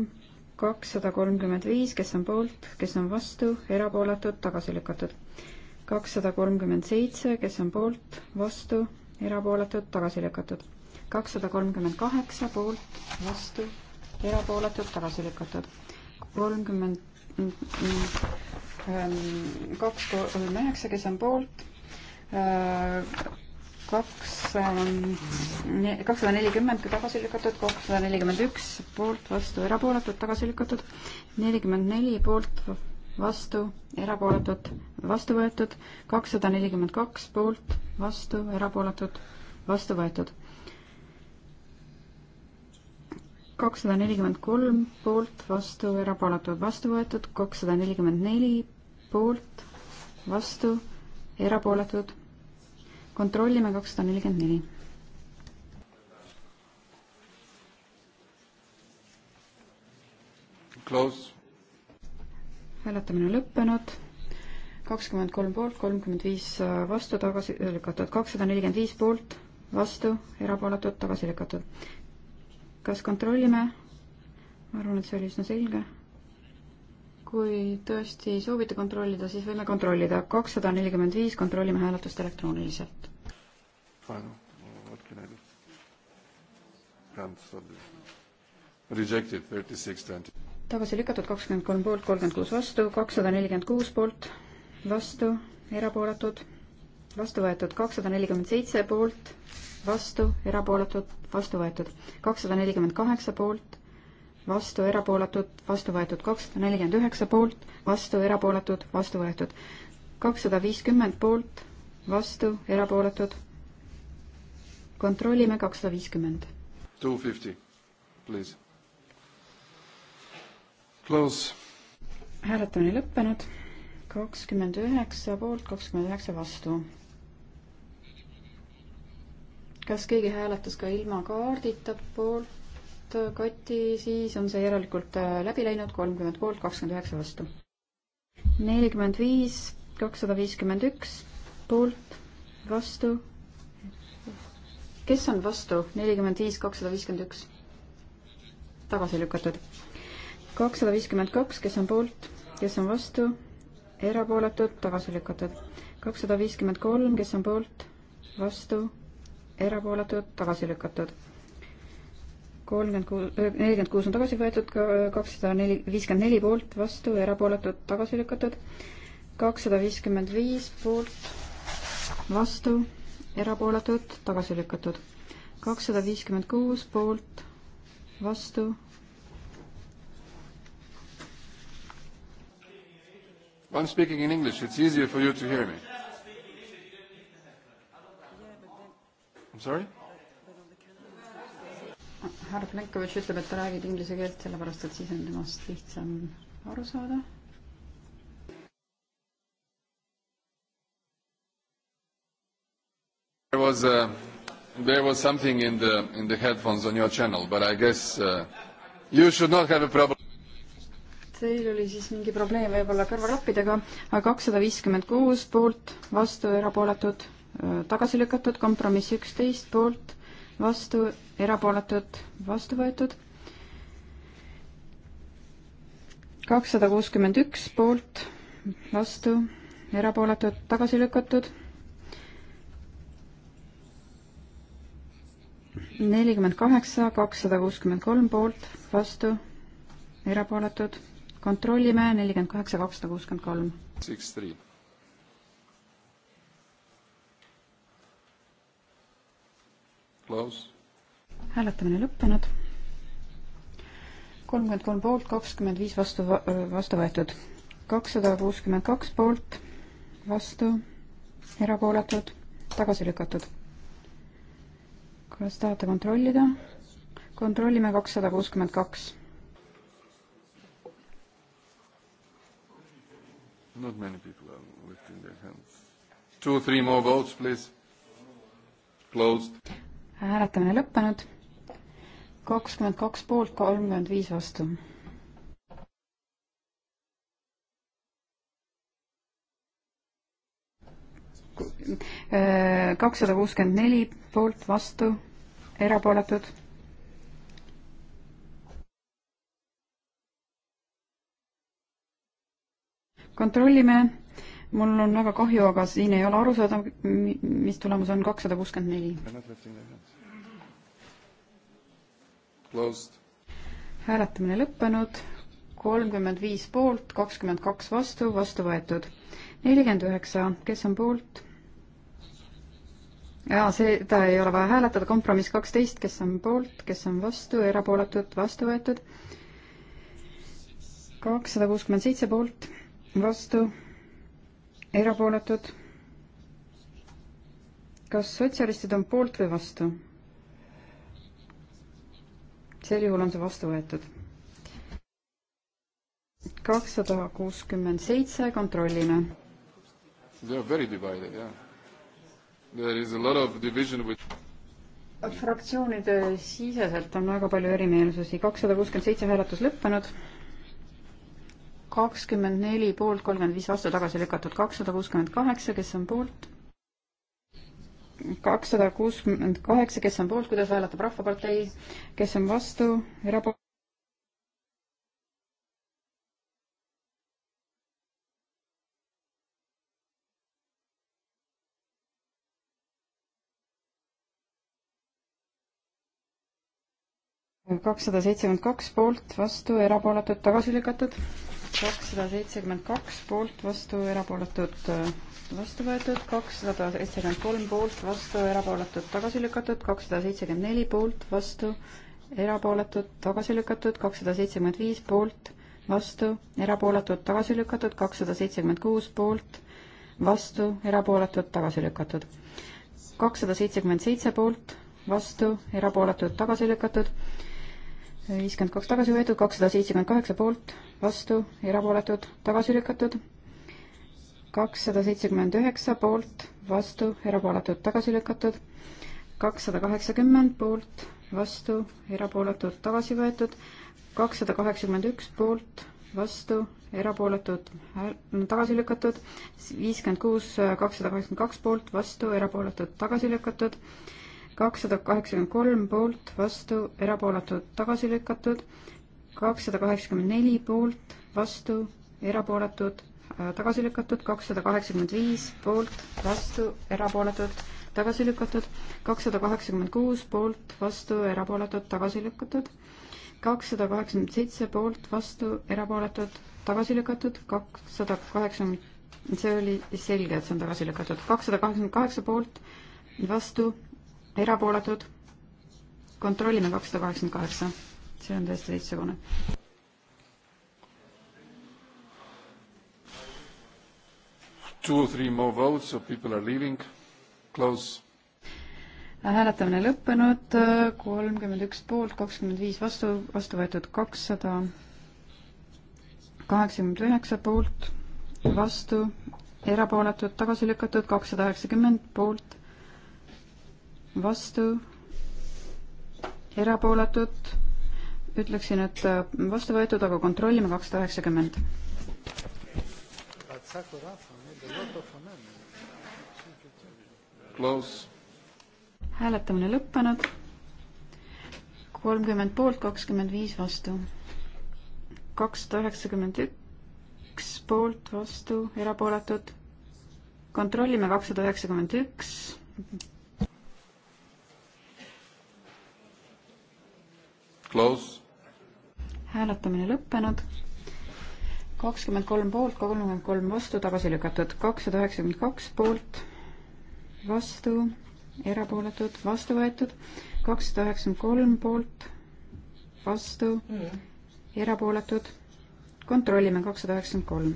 kakssada kolmkümmend viis, kes on poolt, kes on vastu, erapooletud, tagasi lükatud. kakssada kolmkümmend seitse, kes on poolt, vastu, erapooletud, tagasi lükatud. kakssada kolmkümmend kaheksa, poolt, vastu, erapooletud, tagasi lükatud. kolmkümmend mm, mm, mm, kaks, kolm, üheksa, kes on poolt, äh, kakssada, ähm, kakssada nelikümmend tagasi lükatud, kakssada nelikümmend üks poolt, vastu, erapooletud, tagasi lükatud, nelikümmend neli poolt, vastu, erapooletud, vastu võetud, kakssada nelikümmend kaks poolt, vastu, erapooletud, vastu võetud. kakssada nelikümmend kolm poolt, vastu, erapooletud, vastu võetud, kakssada nelikümmend neli poolt, vastu, erapooletud kontrollime kakssada nelikümmend neli. Close. hääletamine on lõppenud, kakskümmend kolm poolt, kolmkümmend viis äh, vastu, tagasi äh, lükatud, kakssada nelikümmend viis poolt, vastu, erapooletud, tagasi lükatud. kas kontrollime? ma arvan, et see oli üsna selge kui tõesti soovite kontrollida, siis võime kontrollida. kakssada nelikümmend viis, kontrollime hääletust elektrooniliselt. tagasi lükatud kakskümmend kolm poolt, kolmkümmend kuus vastu, kakssada nelikümmend kuus poolt, vastu, erapooletud, vastu võetud, kakssada nelikümmend seitse poolt, vastu, erapooletud, vastu võetud, kakssada nelikümmend kaheksa poolt, vastu, erapooletud, vastu võetud kakssada nelikümmend üheksa poolt, vastu, erapooletud, vastu võetud kakssada viiskümmend poolt, vastu, erapooletud. kontrollime kakssada viiskümmend. Two fifty, please. Close. hääletamine lõppenud, kakskümmend üheksa poolt, kakskümmend üheksa vastu. kas keegi hääletas ka ilma kaardita poolt? poolt kotti, siis on see järelikult äh, läbi läinud, kolmkümmend poolt, kakskümmend üheksa vastu. nelikümmend viis, kakssada viiskümmend üks poolt, vastu. kes on vastu? nelikümmend viis, kakssada viiskümmend üks. tagasi lükatud. kakssada viiskümmend kaks, kes on poolt, kes on vastu? erapooletud, tagasi lükatud. kakssada viiskümmend kolm, kes on poolt, vastu, erapooletud, tagasi lükatud kolmkümmend kuus, nelikümmend kuus on tagasi võetud, kakssada neli, viiskümmend neli poolt, vastu, erapooletud, tagasi lükatud, kakssada viiskümmend viis poolt, vastu, erapooletud, tagasi lükatud, kakssada viiskümmend kuus poolt, vastu. I am speaking in English, it's easier for you to hear me. I am sorry? härra Plenkovitš ütleb, et ta räägib inglise keelt sellepärast, et siis on temast lihtsam aru saada. There was a, uh, there was something in the in the headphones on your channel, but I guess uh, you should not have a problem. Teil oli siis mingi probleem võib-olla kõrvaklappidega, aga kakssada viiskümmend kuus poolt, vastu erapooletud, äh, tagasi lükatud, kompromiss üksteist poolt vastu, erapooletud, vastu võetud. kakssada kuuskümmend üks poolt, vastu, erapooletud, tagasi lükatud. nelikümmend kaheksa, kakssada kuuskümmend kolm poolt, vastu, erapooletud. kontrollime, nelikümmend kaheksa, kakssada kuuskümmend kolm. Six three. hääletamine lõppenud. kolmkümmend kolm poolt, kakskümmend viis vastu, vastu võetud. kakssada kuuskümmend kaks poolt, vastu, erapooletud, tagasi lükatud. kas tahate kontrollida? kontrollime kakssada kuuskümmend kaks. Not many people are lifting their hands. Two, three more votes, please. Closed hääletamine lõppenud. kakskümmend kaks poolt, kolmkümmend viis vastu. kakssada kuuskümmend neli poolt, vastu, erapooletud kontrollime mul on väga kahju, aga siin ei ole aru saada, mis tulemus on kakssada kuuskümmend neli. hääletamine lõppenud, kolmkümmend viis poolt, kakskümmend kaks vastu, vastu võetud. nelikümmend üheksa, kes on poolt? jaa, seda ei ole vaja hääletada, kompromiss kaksteist, kes on poolt, kes on vastu, erapooletud, vastu võetud. kakssada kuuskümmend seitse poolt, vastu erapooletud. kas sotsialistid on poolt või vastu? sel juhul on see vastu võetud. kakssada kuuskümmend seitse, kontrollime. They are very divided, yeah. There is a lot of division with fraktsioonide siseselt on väga palju erimeelsusi, kakssada kuuskümmend seitse hääletus lõppenud kakskümmend neli poolt, kolmkümmend viis vastu tagasi lükatud, kakssada kuuskümmend kaheksa, kes on poolt? kakssada kuuskümmend kaheksa, kes on poolt, kuidas hääletab Rahvapartei, kes on vastu, erapooletu? kakssada seitsekümmend kaks poolt, vastu, erapooletud, tagasi lükatud kakssada seitsekümmend kaks poolt, vastu, erapooletud, vastu võetud, kakssada seitsekümmend kolm poolt, vastu, erapooletud, tagasi lükatud, kakssada seitsekümmend neli poolt, vastu, erapooletud, tagasi lükatud, kakssada seitsekümmend viis poolt, vastu, erapooletud, tagasi lükatud, kakssada seitsekümmend kuus poolt, vastu, erapooletud, tagasi lükatud. kakssada seitsekümmend seitse poolt, vastu, erapooletud, tagasi lükatud viiskümmend kaks tagasi võetud, kakssada seitsekümmend kaheksa poolt, vastu, erapooletud, tagasi lükatud. kakssada seitsekümmend üheksa poolt, vastu, erapooletud, tagasi lükatud. kakssada kaheksakümmend poolt, vastu, erapooletud, tagasi võetud. kakssada kaheksakümmend üks poolt, vastu, erapooletud, äh, tagasi lükatud. viiskümmend kuus, kakssada kaheksakümmend kaks poolt, vastu, erapooletud, tagasi lükatud kakssada kaheksakümmend kolm poolt, vastu, erapooletud, tagasi lükatud, kakssada kaheksakümmend neli poolt, vastu, erapooletud, äh, tagasi lükatud, kakssada kaheksakümmend viis poolt, vastu, erapooletud, tagasi lükatud, kakssada kaheksakümmend kuus poolt, vastu, erapooletud, tagasi lükatud, kakssada kaheksakümmend seitse poolt, vastu, erapooletud, tagasi lükatud, kakssada kaheksakümmend, see oli selge, et see on tagasi lükatud, kakssada kaheksakümmend kaheksa poolt, vastu, erapooletud, kontrollime kakssada kaheksakümmend kaheksa, see on täiesti teistsugune. Two or three more votes, so people are leaving, close. hääletamine lõppenud, kolmkümmend üks poolt, kakskümmend viis vastu, vastu võetud kakssada kaheksakümmend üheksa poolt, vastu, erapooletud, tagasi lükatud kakssada üheksakümmend poolt vastu, erapooletud, ütleksin, et äh, vastu võetud, aga kontrollime kakssada üheksakümmend. hääletamine lõppenud, kolmkümmend poolt, kakskümmend viis vastu, kakssada üheksakümmend üks poolt, vastu, erapooletud, kontrollime kakssada üheksakümmend üks hääletamine lõppenud. kakskümmend kolm poolt, kolmkümmend kolm vastu, tagasi lükatud. kakssada üheksakümmend kaks poolt, vastu, erapooletud, vastu võetud. kakssada üheksakümmend kolm poolt, vastu, erapooletud. kontrollime kakssada üheksakümmend kolm.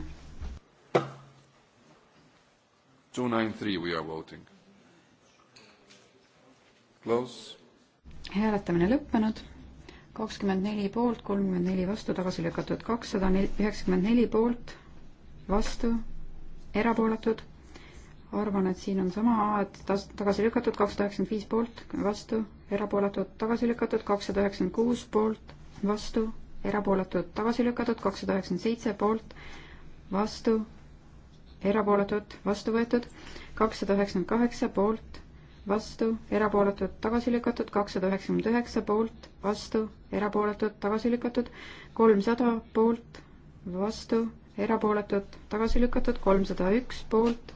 Two nine three we are voting. Close. hääletamine lõppenud kakskümmend neli poolt, kolmkümmend neli vastu, tagasi lükatud kakssada üheksakümmend neli poolt, vastu, erapooletud. arvan, et siin on sama, et tas-, tagasi lükatud kakssada üheksakümmend viis poolt, vastu, erapooletud, tagasi lükatud kakssada üheksakümmend kuus poolt, vastu, erapooletud, tagasi lükatud kakssada üheksakümmend seitse poolt, vastu, erapooletud, vastu võetud kakssada üheksakümmend kaheksa poolt vastu, erapooletud, tagasi lükatud, kakssada üheksakümmend üheksa poolt, vastu, erapooletud, tagasi lükatud, kolmsada poolt, vastu, erapooletud, tagasi lükatud, kolmsada üks poolt,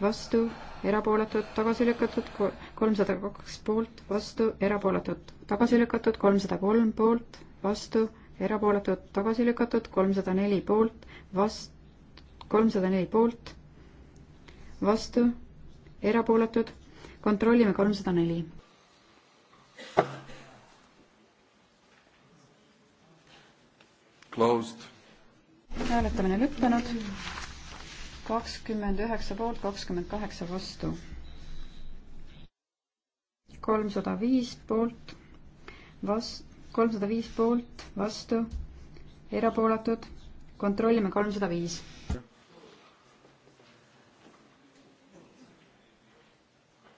vastu, erapooletud, tagasi lükatud, kolmsada kaks poolt, vastu, erapooletud, tagasi lükatud, kolmsada kolm poolt, vastu, erapooletud, tagasi lükatud, kolmsada neli poolt, vast-, kolmsada neli poolt, vastu, erapooletud kontrollime kolmsada neli. Closed. hääletamine lõppenud. kakskümmend üheksa poolt, kakskümmend kaheksa vastu. kolmsada viis poolt, vas-, kolmsada viis poolt, vastu, erapooletud. kontrollime kolmsada viis.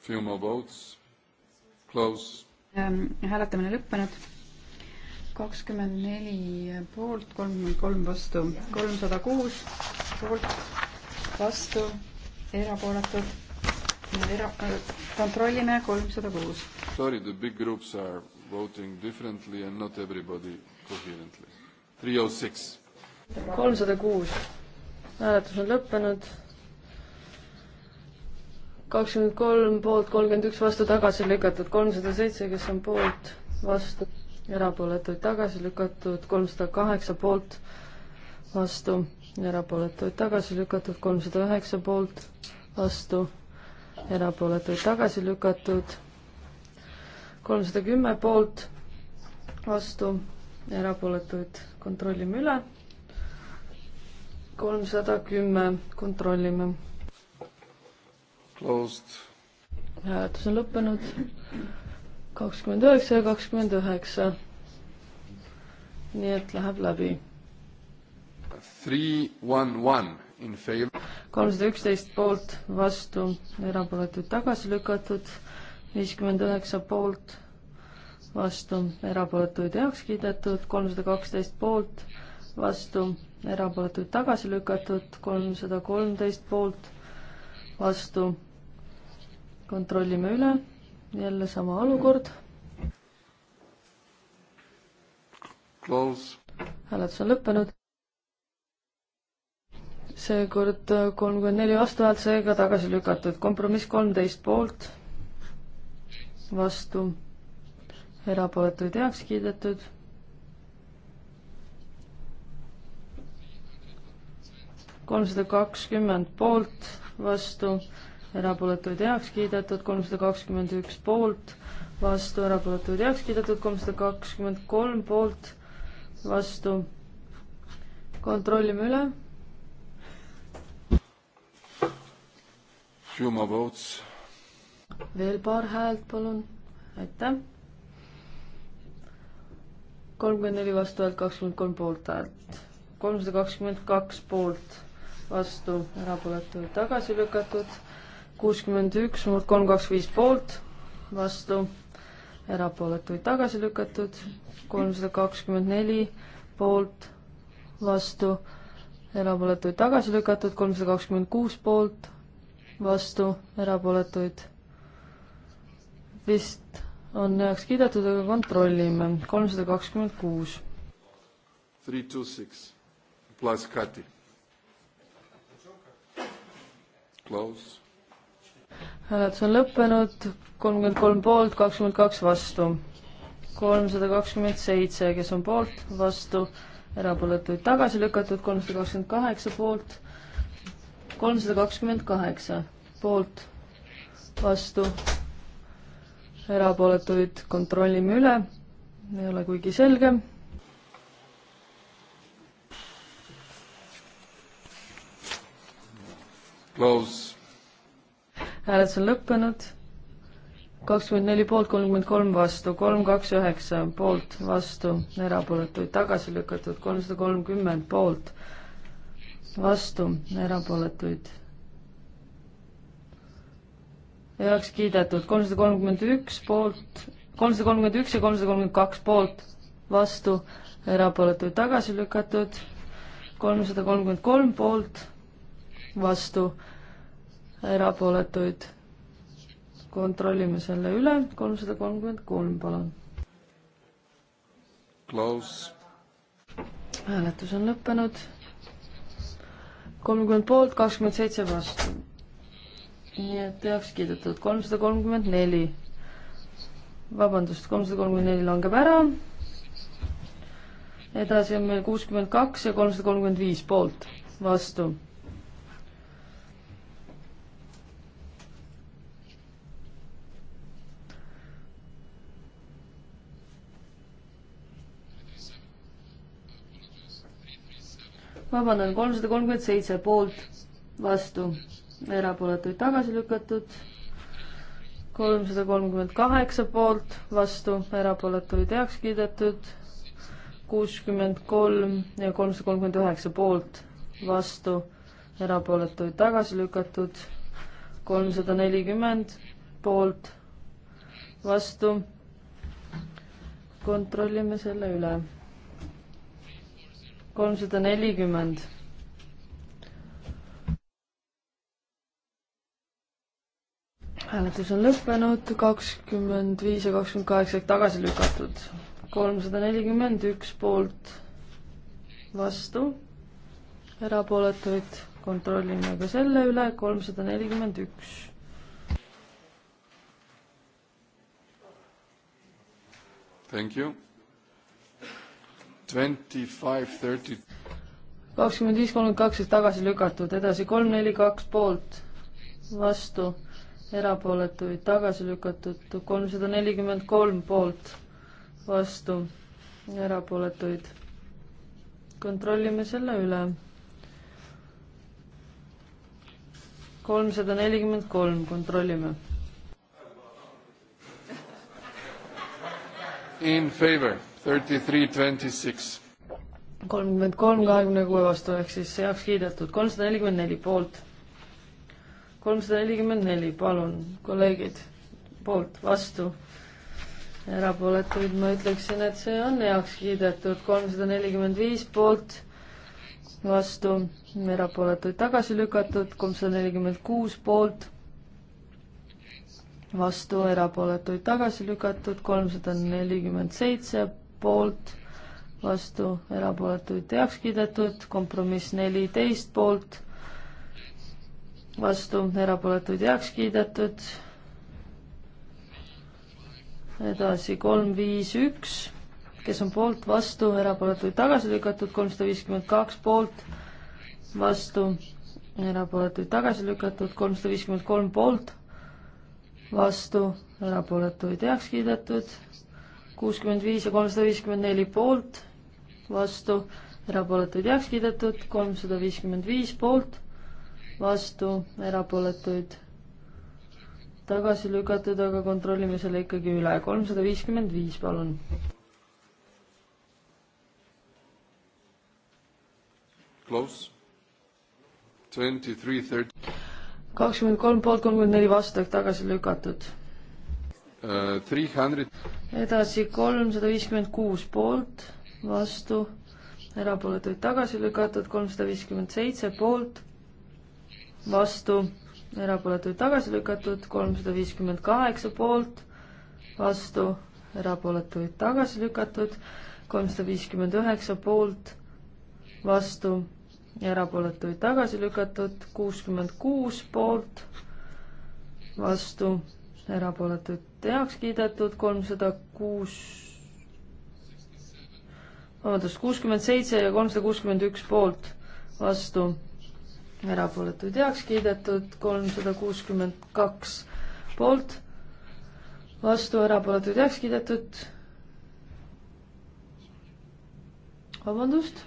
Few more votes. Close. Ähm, hääletamine lõppenud. kakskümmend neli poolt, kolmkümmend kolm vastu, kolmsada kuus poolt, vastu, erapooletud. era-, äh, kontrollime kolmsada kuus. Sorry, the big groups are voting differently and not everybody coherently. Three oh six. kolmsada kuus. hääletus on lõppenud kakskümmend kolm poolt, kolmkümmend üks vastu tagasi lükatud, kolmsada seitse, kes on poolt, vastu, erapooletuid tagasi lükatud, kolmsada kaheksa poolt, vastu, erapooletuid tagasi lükatud, kolmsada üheksa poolt, vastu, erapooletuid tagasi lükatud, kolmsada kümme poolt, vastu, erapooletuid kontrollime üle, kolmsada kümme kontrollime Closed. hääletus on lõppenud. kakskümmend üheksa ja kakskümmend üheksa. nii et läheb läbi. Three, one, one in favor. kolmsada üksteist poolt, vastu, erapooletuid tagasi lükatud. viiskümmend üheksa poolt, vastu, erapooletuid heaks kiidetud. kolmsada kaksteist poolt, vastu, erapooletuid tagasi lükatud. kolmsada kolmteist poolt, vastu kontrollime üle, jälle sama olukord. hääletus on lõppenud. seekord kolmkümmend neli vastuhäält, seega tagasi lükatud. kompromiss kolmteist poolt, vastu, erapooletuid heaks kiidetud kolmsada kakskümmend poolt, vastu, erapooletuid heaks kiidetud, kolmsada kakskümmend üks poolt, vastu erapooletuid heaks kiidetud, kolmsada kakskümmend kolm poolt, vastu. kontrollime üle. Few more votes. veel paar häält, palun. aitäh. kolmkümmend neli vastuhäält, kakskümmend kolm poolthäält. kolmsada kakskümmend kaks poolt, vastu, erapooletuid tagasi lükatud kuuskümmend üks, murd kolm, kaks, viis poolt, vastu, erapooletuid tagasi lükatud, kolmsada kakskümmend neli poolt, vastu, erapooletuid tagasi lükatud, kolmsada kakskümmend kuus poolt, vastu, erapooletuid vist on heaks kiidetud, aga kontrollime, kolmsada kakskümmend kuus. Three, two, six, plus Kati. Close hääletus on lõppenud, kolmkümmend kolm poolt, kakskümmend kaks vastu. kolmsada kakskümmend seitse, kes on poolt, vastu, erapooletuid tagasi lükatud, kolmsada kakskümmend kaheksa poolt, kolmsada kakskümmend kaheksa poolt, vastu, erapooletuid kontrollime üle, ei ole kuigi selge Close hääletus on lõppenud. kakskümmend neli poolt, kolmkümmend kolm vastu, kolm, kaks, üheksa poolt, vastu, erapooletuid tagasi lükatud, kolmsada kolmkümmend poolt, vastu, erapooletuid heaks kiidetud, kolmsada kolmkümmend üks poolt, kolmsada kolmkümmend üks ja kolmsada kolmkümmend kaks poolt, vastu, erapooletuid tagasi lükatud, kolmsada kolmkümmend kolm poolt, vastu, erapooletuid. kontrollime selle üle, kolmsada kolmkümmend kolm, palun. Close. hääletus on lõppenud. kolmkümmend poolt, kakskümmend seitse vastu. nii et heaks kiidetud, kolmsada kolmkümmend neli. vabandust, kolmsada kolmkümmend neli langeb ära. edasi on meil kuuskümmend kaks ja kolmsada kolmkümmend viis poolt, vastu vabandan, kolmsada kolmkümmend seitse poolt, vastu, erapooletuid tagasi lükatud, kolmsada kolmkümmend kaheksa poolt, vastu, erapooletuid heaks kiidetud, kuuskümmend kolm ja kolmsada kolmkümmend üheksa poolt, vastu, erapooletuid tagasi lükatud, kolmsada nelikümmend poolt, vastu, kontrollime selle üle kolmsada nelikümmend. hääletus on lõppenud, kakskümmend viis ja kakskümmend kaheksa tagasi lükatud. kolmsada nelikümmend üks poolt, vastu, erapooletuid kontrollime ka selle üle, kolmsada nelikümmend üks. Thank you kakskümmend viis, kolmkümmend kaks siis tagasi lükatud, edasi kolm, neli, kaks poolt, vastu, erapooletuid tagasi lükatud, kolmsada nelikümmend kolm poolt, vastu, erapooletuid. kontrollime selle üle. kolmsada nelikümmend kolm, kontrollime in favor kolmkümmend kolm kahekümne kuue vastu ehk siis heaks kiidetud kolmsada nelikümmend neli poolt. kolmsada nelikümmend neli, palun, kolleegid, poolt, vastu, erapooletuid ma ütleksin, et see on heaks kiidetud, kolmsada nelikümmend viis poolt, vastu, erapooletuid tagasi lükatud, kolmsada nelikümmend kuus poolt vastu, erapooletuid tagasi lükatud, kolmsada nelikümmend seitse poolt, vastu, erapooletuid heaks kiidetud, kompromiss neliteist poolt, vastu, erapooletuid heaks kiidetud. edasi kolm, viis, üks, kes on poolt, vastu, erapooletuid tagasi lükatud, kolmsada viiskümmend kaks poolt, vastu, erapooletuid tagasi lükatud, kolmsada viiskümmend kolm poolt, vastu, erapooletuid heaks kiidetud, kuuskümmend viis ja kolmsada viiskümmend neli poolt, vastu, erapooletuid heaks kiidetud, kolmsada viiskümmend viis poolt, vastu, erapooletuid tagasi lükatud, aga kontrollime selle ikkagi üle. kolmsada viiskümmend viis, palun. Close. kakskümmend kolm poolt, kolmkümmend neli vastu ehk tagasi lükatud Äh, edasi kolmsada viiskümmend kuus poolt, vastu, erapooletuid tagasi lükatud, kolmsada viiskümmend seitse poolt, vastu, erapooletuid tagasi lükatud, kolmsada viiskümmend kaheksa poolt, vastu, erapooletuid tagasi lükatud, kolmsada viiskümmend üheksa poolt, vastu, erapooletuid tagasi lükatud, kuuskümmend kuus poolt, vastu, erapooletuid heaks kiidetud, kolmsada kuus, vabandust, kuuskümmend seitse ja kolmsada kuuskümmend üks poolt, vastu, erapooletuid heaks kiidetud, kolmsada kuuskümmend kaks poolt, vastu, erapooletuid heaks kiidetud, vabandust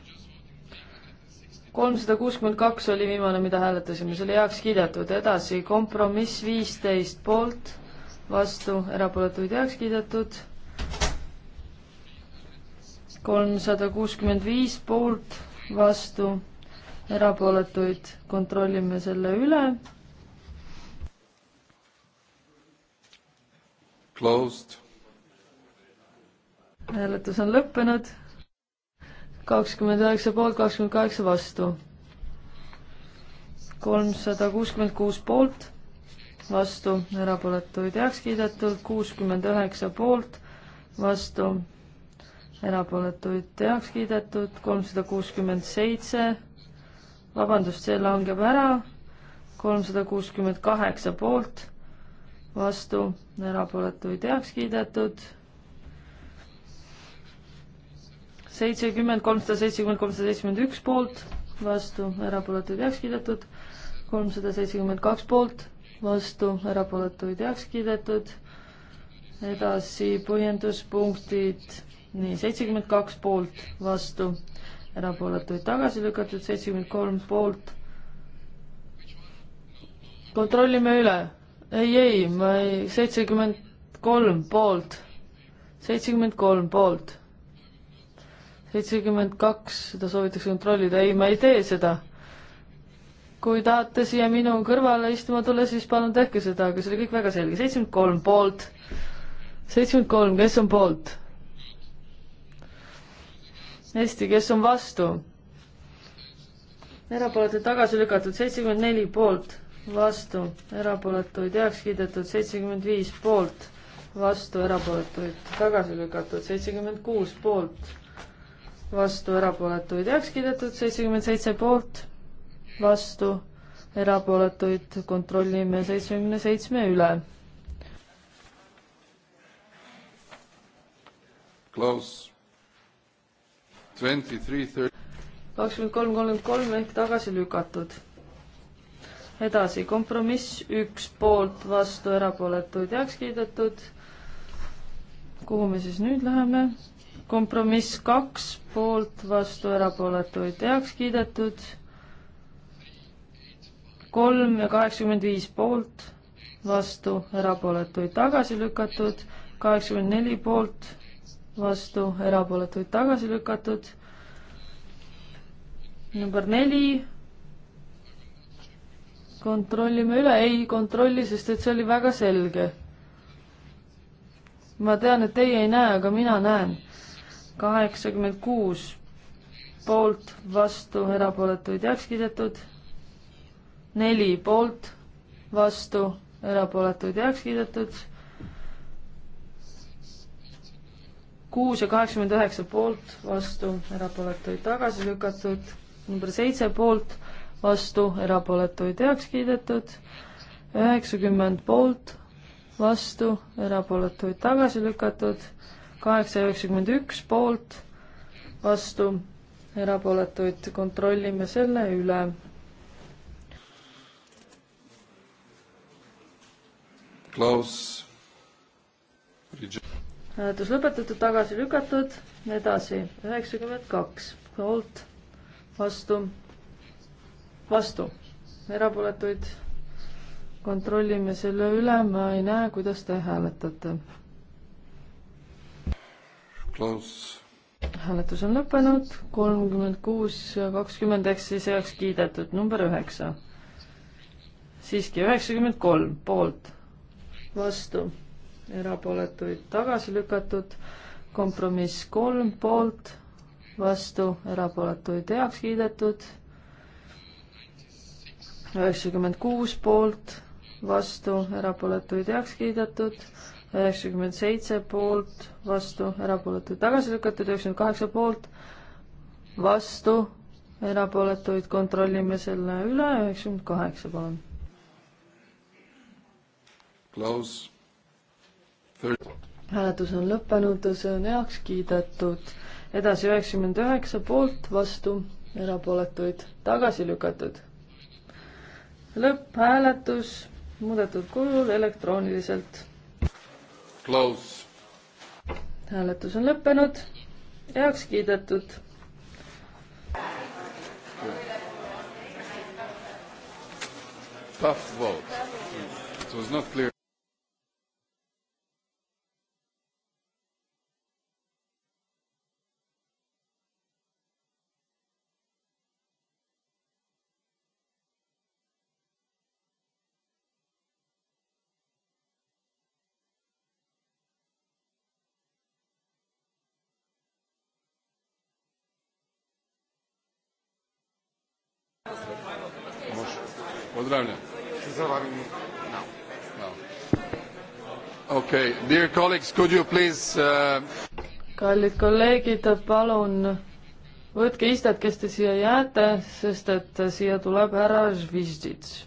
kolmsada kuuskümmend kaks oli viimane, mida hääletasime, see oli heaks kiidetud, edasi kompromiss viisteist poolt, vastu, erapooletuid heaks kiidetud. kolmsada kuuskümmend viis poolt, vastu, erapooletuid, kontrollime selle üle. Closed. hääletus on lõppenud kakskümmend üheksa poolt, kakskümmend kaheksa vastu. kolmsada kuuskümmend kuus poolt, vastu, erapooletuid heaks kiidetud, kuuskümmend üheksa poolt, vastu, erapooletuid heaks kiidetud, kolmsada kuuskümmend seitse, vabandust, see langeb ära, kolmsada kuuskümmend kaheksa poolt, vastu, erapooletuid heaks kiidetud, seitsekümmend, kolmsada seitsekümmend, kolmsada seitsekümmend üks poolt, vastu, erapooletuid heaks kiidetud, kolmsada seitsekümmend kaks poolt vastu, erapooletuid heaks kiidetud. edasi põhjenduspunktid, nii seitsekümmend kaks poolt, vastu, erapooletuid tagasi lükatud, seitsekümmend kolm poolt. kontrollime üle. ei, ei, ma ei, seitsekümmend kolm poolt, seitsekümmend kolm poolt seitsekümmend kaks, seda soovitakse kontrollida, ei, ma ei tee seda kui tahate siia minu kõrvale istuma tulla, siis palun tehke seda, aga see oli kõik väga selge. seitsekümmend kolm poolt. seitsekümmend kolm, kes on poolt? hästi, kes on vastu? erapooletud tagasi lükatud, seitsekümmend neli poolt, vastu, erapooletuid heaks kiidetud, seitsekümmend viis poolt, vastu, erapooletuid tagasi lükatud, seitsekümmend kuus poolt, vastu, erapooletuid heaks kiidetud, seitsekümmend seitse poolt vastu, erapooletuid kontrollime seitsmekümne seitsme üle. Close. kakskümmend kolm, kolmkümmend kolm ehk tagasi lükatud. edasi, kompromiss üks poolt, vastu, erapooletuid heaks kiidetud. kuhu me siis nüüd läheme? kompromiss kaks poolt, vastu, erapooletuid heaks kiidetud kolm ja kaheksakümmend viis poolt, vastu, erapooletuid tagasi lükatud, kaheksakümmend neli poolt, vastu, erapooletuid tagasi lükatud. number neli. kontrollime üle, ei kontrolli, sest et see oli väga selge. ma tean, et teie ei näe, aga mina näen. kaheksakümmend kuus poolt, vastu, erapooletuid heaks kiidetud neli poolt, vastu, erapooletuid heaks kiidetud. kuus ja kaheksakümmend üheksa poolt, vastu, erapooletuid tagasi lükatud. number seitse poolt, vastu, erapooletuid heaks kiidetud. üheksakümmend poolt, vastu, erapooletuid tagasi lükatud. kaheksa ja üheksakümmend üks poolt, vastu, erapooletuid kontrollime selle üle Klaus. hääletus lõpetatud, tagasi lükatud, edasi üheksakümmend kaks poolt, vastu, vastu, erapooletuid. kontrollime selle üle, ma ei näe, kuidas te hääletate. Klaus. hääletus on lõppenud, kolmkümmend kuus ja kakskümmend, eks siis heaks kiidetud, number üheksa. siiski üheksakümmend kolm poolt vastu, erapooletuid tagasi lükatud, kompromiss kolm poolt, vastu, erapooletuid heaks kiidetud, üheksakümmend kuus poolt, vastu, erapooletuid heaks kiidetud, üheksakümmend seitse poolt, vastu, erapooletuid tagasi lükatud, üheksakümmend kaheksa poolt, vastu, erapooletuid kontrollime selle üle, üheksakümmend kaheksa, palun Close. hääletus on lõppenud, see on heaks kiidetud. edasi üheksakümmend üheksa poolt, vastu, erapooletuid, tagasi lükatud. lõpphääletus muudetud kujul elektrooniliselt. Close. hääletus on lõppenud, heaks kiidetud. Tough vote. It was not clear. Bruinen. No. No. Okay, dear colleagues, could you please uh... kallid kolleegid, palun võtke istet, kes te siia jääte, sest et siia tuleb härra Žviždits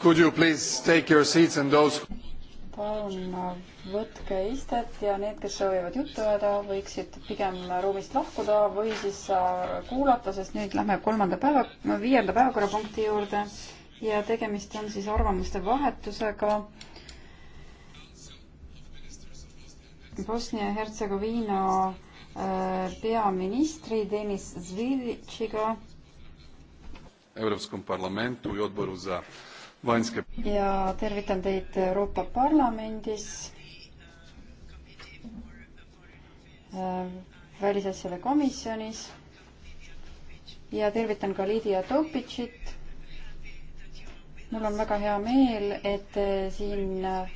Could you please take your seats and those palun võtke istet ja need, kes soovivad juttu ajada, võiksid pigem ruumist lahkuda või siis äh, kuulata, sest nüüd lähme kolmanda päeva, viienda päevakorrapunkti juurde ja tegemist on siis arvamuste vahetusega. Bosnia ja Hertsegoviina äh, peaministri Deniss Zvitšiga. Euroopa Parlamentu ja odboru za Vainske. ja tervitan teid Euroopa Parlamendis, äh, välisasjade komisjonis ja tervitan ka Lydia Topitšit. mul on väga hea meel, et te siin äh,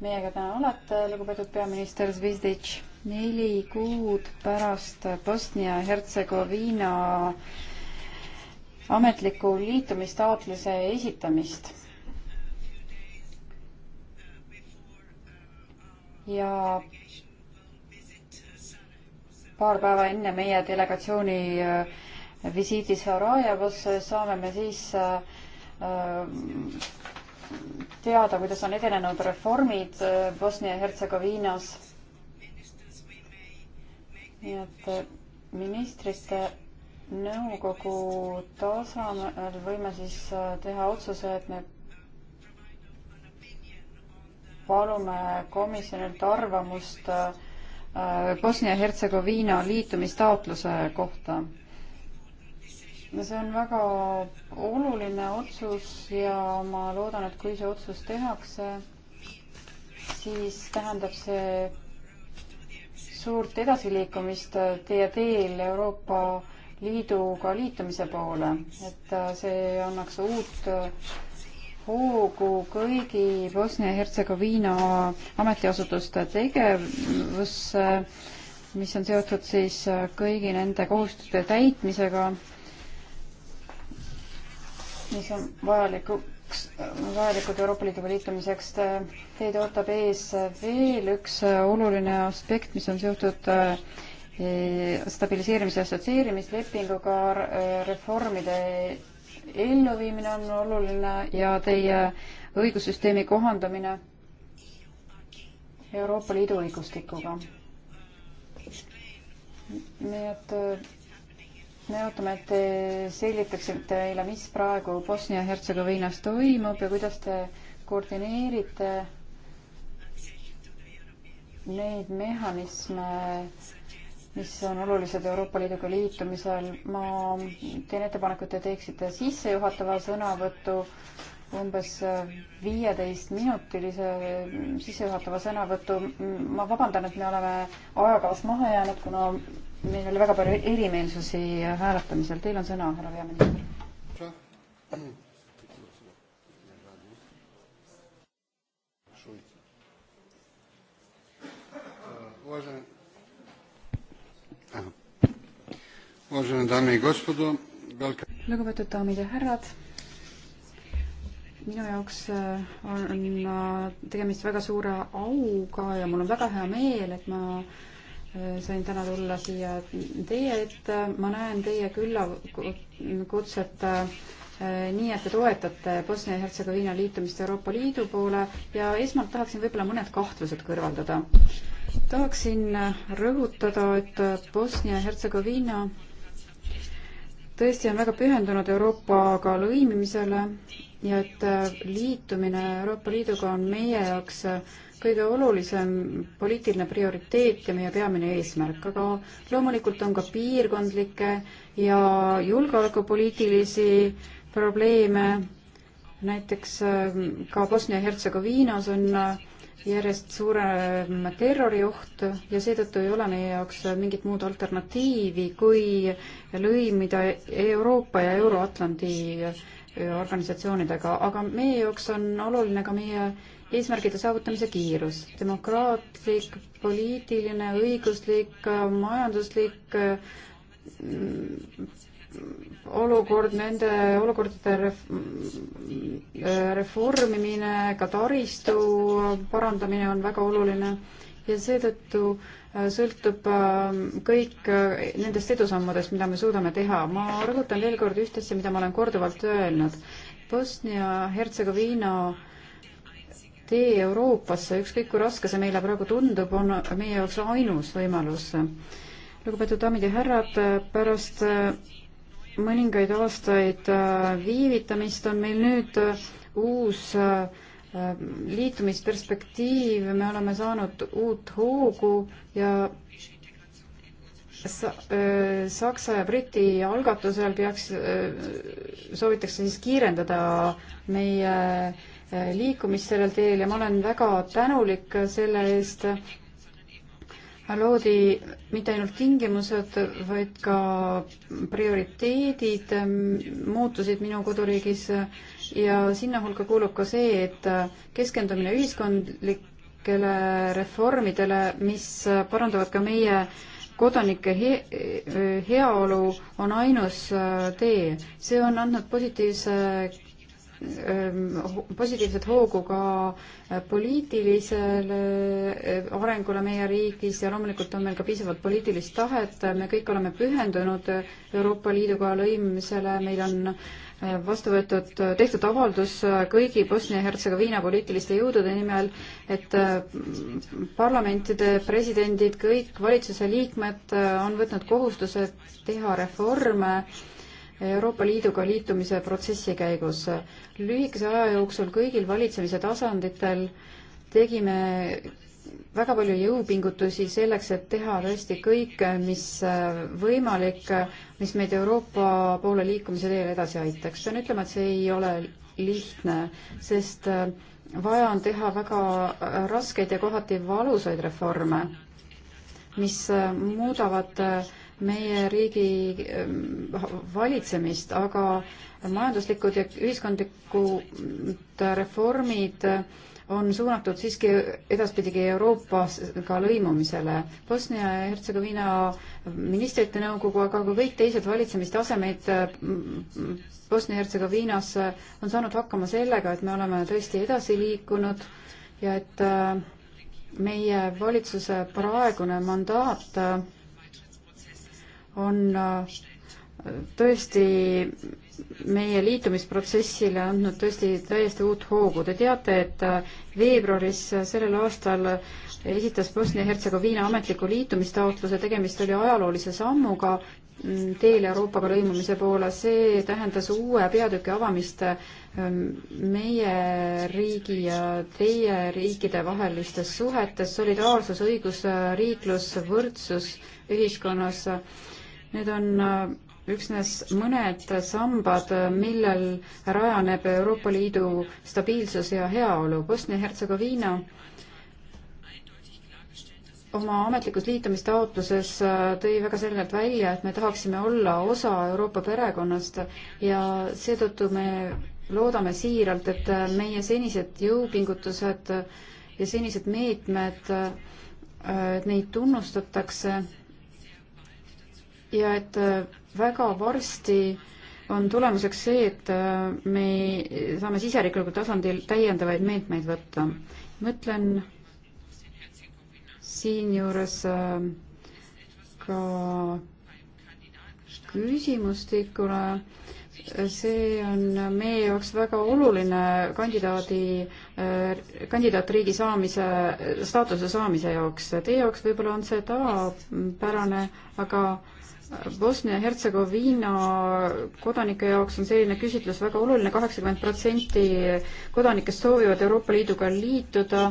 meiega täna olete, lugupeetud peaminister Zvizdic. neli kuud pärast Bosnia-Hertsegoviina ametliku liitumistaotluse esitamist ja paar päeva enne meie delegatsiooni äh, visiidi Sarajevosse äh, saame me siis äh, teada, kuidas on edenenud reformid Bosnia-Hertsegoviinas. nii et ministrite nõukogu tasemel võime siis teha otsuse, et me palume komisjonilt arvamust äh, Bosnia-Hertsegoviina liitumistaotluse kohta. see on väga oluline otsus ja ma loodan, et kui see otsus tehakse, siis tähendab see suurt edasiliikumist teie teel Euroopa Liiduga liitumise poole, et äh, see annaks uut hoogu kõigi Bosnia-Hertsegoviina ametiasutuste tegevusse, mis on seotud siis kõigi nende kohustuste täitmisega, mis on vajalikuks, vajalikud Euroopa Liiduga liitumiseks. Teid ootab ees veel üks oluline aspekt, mis on seotud eh, stabiliseerimise assotsieerimislepinguga reformide elluviimine on oluline ja teie õigussüsteemi kohandamine Euroopa Liidu õigustikuga. nii et me ootame, et te selgitaksite meile, mis praegu Bosnia-Hertsegoviinas toimub ja kuidas te koordineerite neid mehhanisme mis on olulised Euroopa Liiduga liitumisel. ma teen ettepaneku, et te teeksite sissejuhatava sõnavõtu, umbes viieteistminutilise sissejuhatava sõnavõtu. ma vabandan, et me oleme ajakavast maha jäänud, kuna meil oli väga palju erimeelsusi hääletamisel. Teil on sõna, härra peaminister. Уважаемый lugupeetud daamid ja härrad, minu jaoks äh, on äh, tegemist väga suure auga ja mul on väga hea meel, et ma äh, sain täna tulla siia teie ette, ma näen teie küllakutset nii, et te toetate Bosnia ja Hertsegoviina liitumist Euroopa Liidu poole ja esmalt tahaksin võib-olla mõned kahtlused kõrvaldada. tahaksin rõhutada, et Bosnia ja Hertsegoviina tõesti on väga pühendunud Euroopaga lõimimisele ja et äh, liitumine Euroopa Liiduga on meie jaoks äh, kõige olulisem poliitiline prioriteet ja meie peamine eesmärk, aga loomulikult on ka piirkondlikke ja julgeolekupoliitilisi probleeme, näiteks äh, ka Bosnia-Hertsegoviinas on järjest suurem terrorioht ja seetõttu ei ole meie jaoks mingit muud alternatiivi, kui lõimida Euroopa ja Euro-Atlandi organisatsioonidega, aga meie jaoks on oluline ka meie eesmärgide saavutamise kiirus. demokraatlik, poliitiline, õiguslik, majanduslik olukord, nende olukordade äh, reformimine, ka taristu parandamine on väga oluline ja seetõttu äh, sõltub äh, kõik nendest edusammudest, mida me suudame teha. ma rõhutan veel kord üht asja, mida ma olen korduvalt öelnud. Bosnia-Hertsegoviina tee Euroopasse, ükskõik kui raske see meile praegu tundub, on meie jaoks ainus võimalus. lugupeetud daamid ja härrad, pärast mõningaid aastaid äh, viivitamist on meil nüüd äh, uus äh, liitumisperspektiiv, me oleme saanud uut hoogu ja Sa Saksa ja Briti algatusel peaks, soovitakse siis kiirendada meie liikumist sellel teel ja ma olen väga tänulik selle eest, loodi mitte ainult tingimused, vaid ka prioriteedid ähm, muutusid minu koduriigis ja sinna hulka kuulub ka see, et keskendumine ühiskondlikele reformidele, mis parandavad ka meie kodanike he heaolu, on ainus äh, tee. see on andnud positiivse Ehm, positiivset hoogu ka äh, poliitilisele äh, arengule meie riigis ja loomulikult on meil ka piisavalt poliitilist tahet, me kõik oleme pühendunud äh, Euroopa Liiduga lõimimisele, meil on vastu võetud, tehtud avaldus kõigi Bosnia-Hertsegoviina poliitiliste jõudude nimel, et parlamentide presidendid, kõik valitsuse liikmed on võtnud kohustuse teha reforme äh, Euroopa Liiduga liitumise protsessi käigus. lühikese aja jooksul kõigil valitsemise tasanditel tegime väga palju jõupingutusi selleks, et teha tõesti kõik, mis võimalik, mis meid Euroopa poole liikumise teel edasi aitaks. pean ütlema, et see ei ole lihtne, sest vaja on teha väga raskeid ja kohati valusaid reforme, mis muudavad äh, meie riigi ähm, valitsemist, aga majanduslikud ja ühiskondlikud reformid on suunatud siiski edaspidigi Euroopaga lõimumisele. Bosnia ja Hertsegoviina ministrite nõukogu, aga ka kõik teised valitsemistasemed mm, Bosnia-Hertsegoviinas on saanud hakkama sellega, et me oleme tõesti edasi liikunud ja et äh, meie valitsuse praegune mandaat on äh, tõesti meie liitumisprotsessile andnud tõesti täiesti uut hoogu. Te teate, et äh, veebruaris sellel aastal esitas Bosnia-Hertsegoviina ametliku liitumistaotluse, tegemist oli ajaloolise sammuga mm, teel Euroopaga lõimumise poole, see tähendas uue peatüki avamist ähm, meie riigi ja teie riikide vahelistes suhetes, solidaarsus, õigusriiklus, äh, võrdsus ühiskonnas Need on äh, üksnes mõned sambad, millel rajaneb Euroopa Liidu stabiilsus ja heaolu. Bosnia-Hertsegoviina oma ametlikus liitumistaotluses äh, tõi väga selgelt välja, et me tahaksime olla osa Euroopa perekonnast ja seetõttu me loodame siiralt, et äh, meie senised jõupingutused ja senised meetmed, et neid tunnustatakse ja et äh, väga varsti on tulemuseks see, et äh, me saame siseriiklikul tasandil täiendavaid meetmeid võtta. mõtlen siinjuures äh, ka küsimustikule, see on meie jaoks väga oluline kandidaadi, kandidaatriigi saamise, staatuse saamise jaoks. Teie jaoks võib-olla on see tavapärane, aga Bosnia ja Hertsegoviina kodanike jaoks on selline küsitlus väga oluline, kaheksakümmend protsenti kodanikest soovivad Euroopa Liiduga liituda.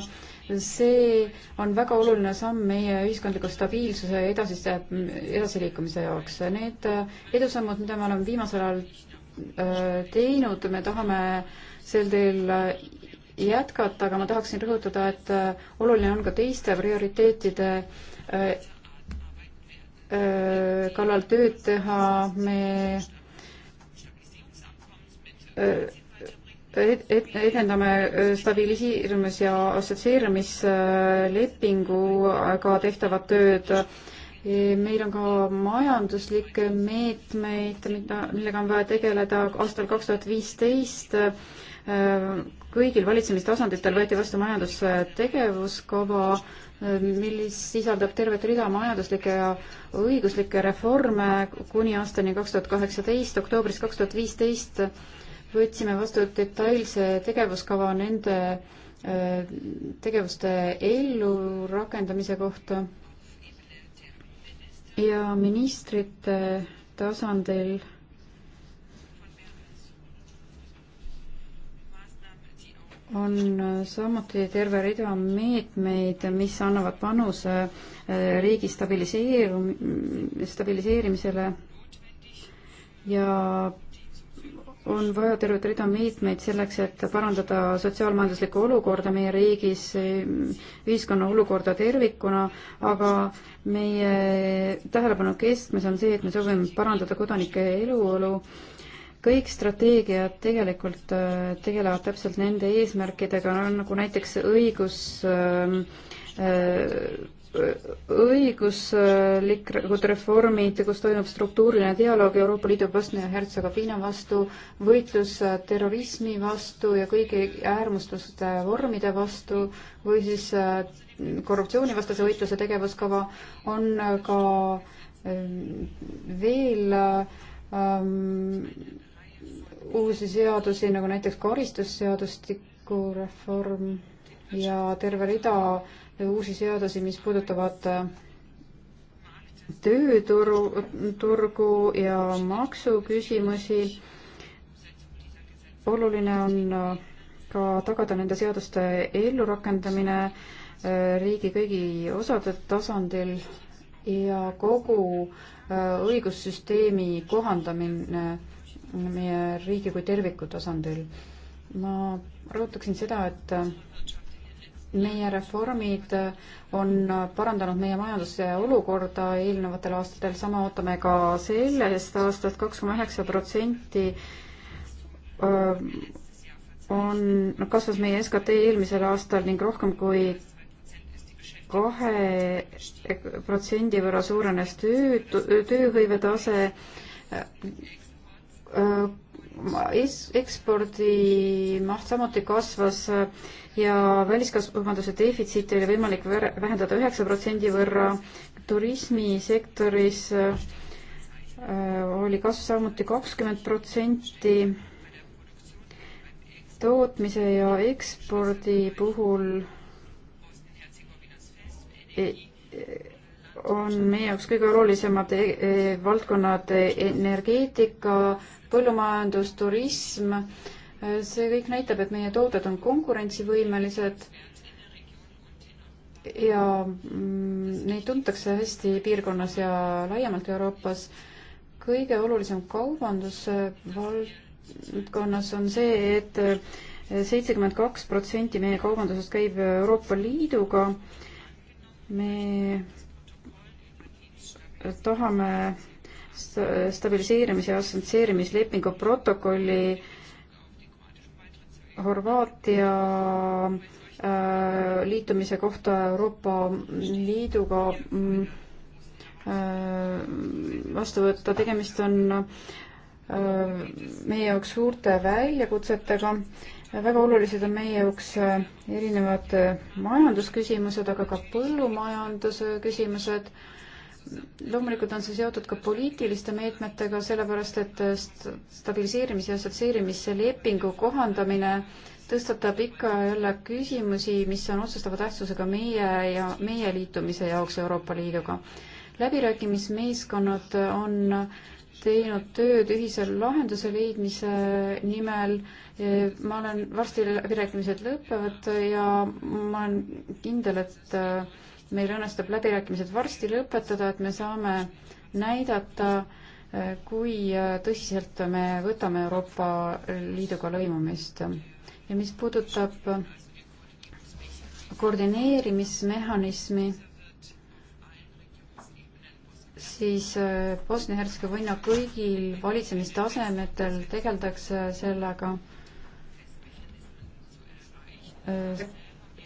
see on väga oluline samm meie ühiskondliku stabiilsuse ja edasise, edasiliikumise jaoks. Need edusammud, mida me oleme viimasel ajal äh, teinud, me tahame sel teel jätkata, aga ma tahaksin rõhutada, et äh, oluline on ka teiste prioriteetide äh, kallal tööd teha, me edendame stabiliseerimis- ja assotsieerumislepinguga tehtavat tööd. E, meil on ka majanduslikke meetmeid, mida, millega on vaja tegeleda aastal kaks tuhat viisteist kõigil valitsemistasanditel võeti vastu majandustegevuskava millis sisaldab tervet rida majanduslikke ja õiguslikke reforme kuni aastani kaks tuhat kaheksateist, oktoobris kaks tuhat viisteist võtsime vastu detailse tegevuskava nende äh, tegevuste ellurakendamise kohta ja ministrite tasandil on samuti terve rida meetmeid, mis annavad panuse eh, riigi stabiliseerum-, stabiliseerimisele ja on vaja tervet rida meetmeid selleks, et parandada sotsiaalmajanduslikku olukorda meie riigis, ühiskonna olukorda tervikuna, aga meie tähelepanu keskmes on see, et me soovime parandada kodanike eluolu kõik strateegiad tegelikult äh, tegelevad täpselt nende eesmärkidega, nagu näiteks õigus ähm, äh, õiguslikud äh, reformid, kus toimub struktuuriline dialoog Euroopa Liidu Bosnia ja Hertsegoviina vastu, võitlus terrorismi vastu ja kõigi äärmustuste vormide vastu või siis korruptsioonivastase võitluse tegevuskava on ka veel ähm, uusi seadusi, nagu näiteks karistusseadustiku reform ja terve rida uusi seadusi, mis puudutavad äh, tööturu, turgu ja maksuküsimusi. oluline on äh, ka tagada nende seaduste ellurakendamine äh, riigi kõigi osade tasandil ja kogu õigussüsteemi kohandamine meie riigi kui terviku tasandil. ma rõhutaksin seda, et meie reformid on parandanud meie majanduse olukorda eelnevatel aastatel, sama ootame ka sellest aastast kaks koma üheksa protsenti äh, on, kasvas meie SKT eelmisel aastal ning rohkem kui kahe protsendi võrra suurenes töö, tööhõive tase Äh, es-, ekspordi maht samuti kasvas äh, ja väliskaubanduse defitsiiti oli võimalik vähendada üheksa protsendi võrra, turismisektoris äh, oli kasv samuti kakskümmend protsenti, tootmise ja ekspordi puhul e-, e-, on meie jaoks kõige olulisemad e-, valdkonnad energeetika, põllumajandus, turism, see kõik näitab, et meie tooted on konkurentsivõimelised ja mm, neid tuntakse hästi piirkonnas ja laiemalt Euroopas. kõige olulisem kaubandusvaldkonnas on see et, et seitsekümmend kaks protsenti meie kaubandusest käib Euroopa Liiduga. me tahame stabiliseerimise ja assotsieerimislepingu protokolli Horvaatia äh, liitumise kohta Euroopa Liiduga mm, äh, vastu võtta, tegemist on äh, meie jaoks suurte väljakutsetega. väga olulised on meie jaoks erinevad majandusküsimused, aga ka põllumajanduse küsimused loomulikult on see seotud ka poliitiliste meetmetega, sellepärast et stabiliseerimis- ja assotsieerimislepingu kohandamine tõstatab ikka jälle küsimusi, mis on otsustava tähtsusega meie ja meie liitumise jaoks Euroopa Liiduga. läbirääkimismeeskonnad on teinud tööd ühise lahenduse leidmise nimel. ma olen, varsti läbirääkimised lõpevad ja ma olen kindel, et meil õnnestub läbirääkimised varsti lõpetada, et me saame näidata, eh, kui eh, tõsiselt me võtame Euroopa Liiduga lõimumist. ja mis puudutab koordineerimismehhanismi, siis eh, Bosnia-Hertsegoviina kõigil valitsemistasemetel tegeldakse sellega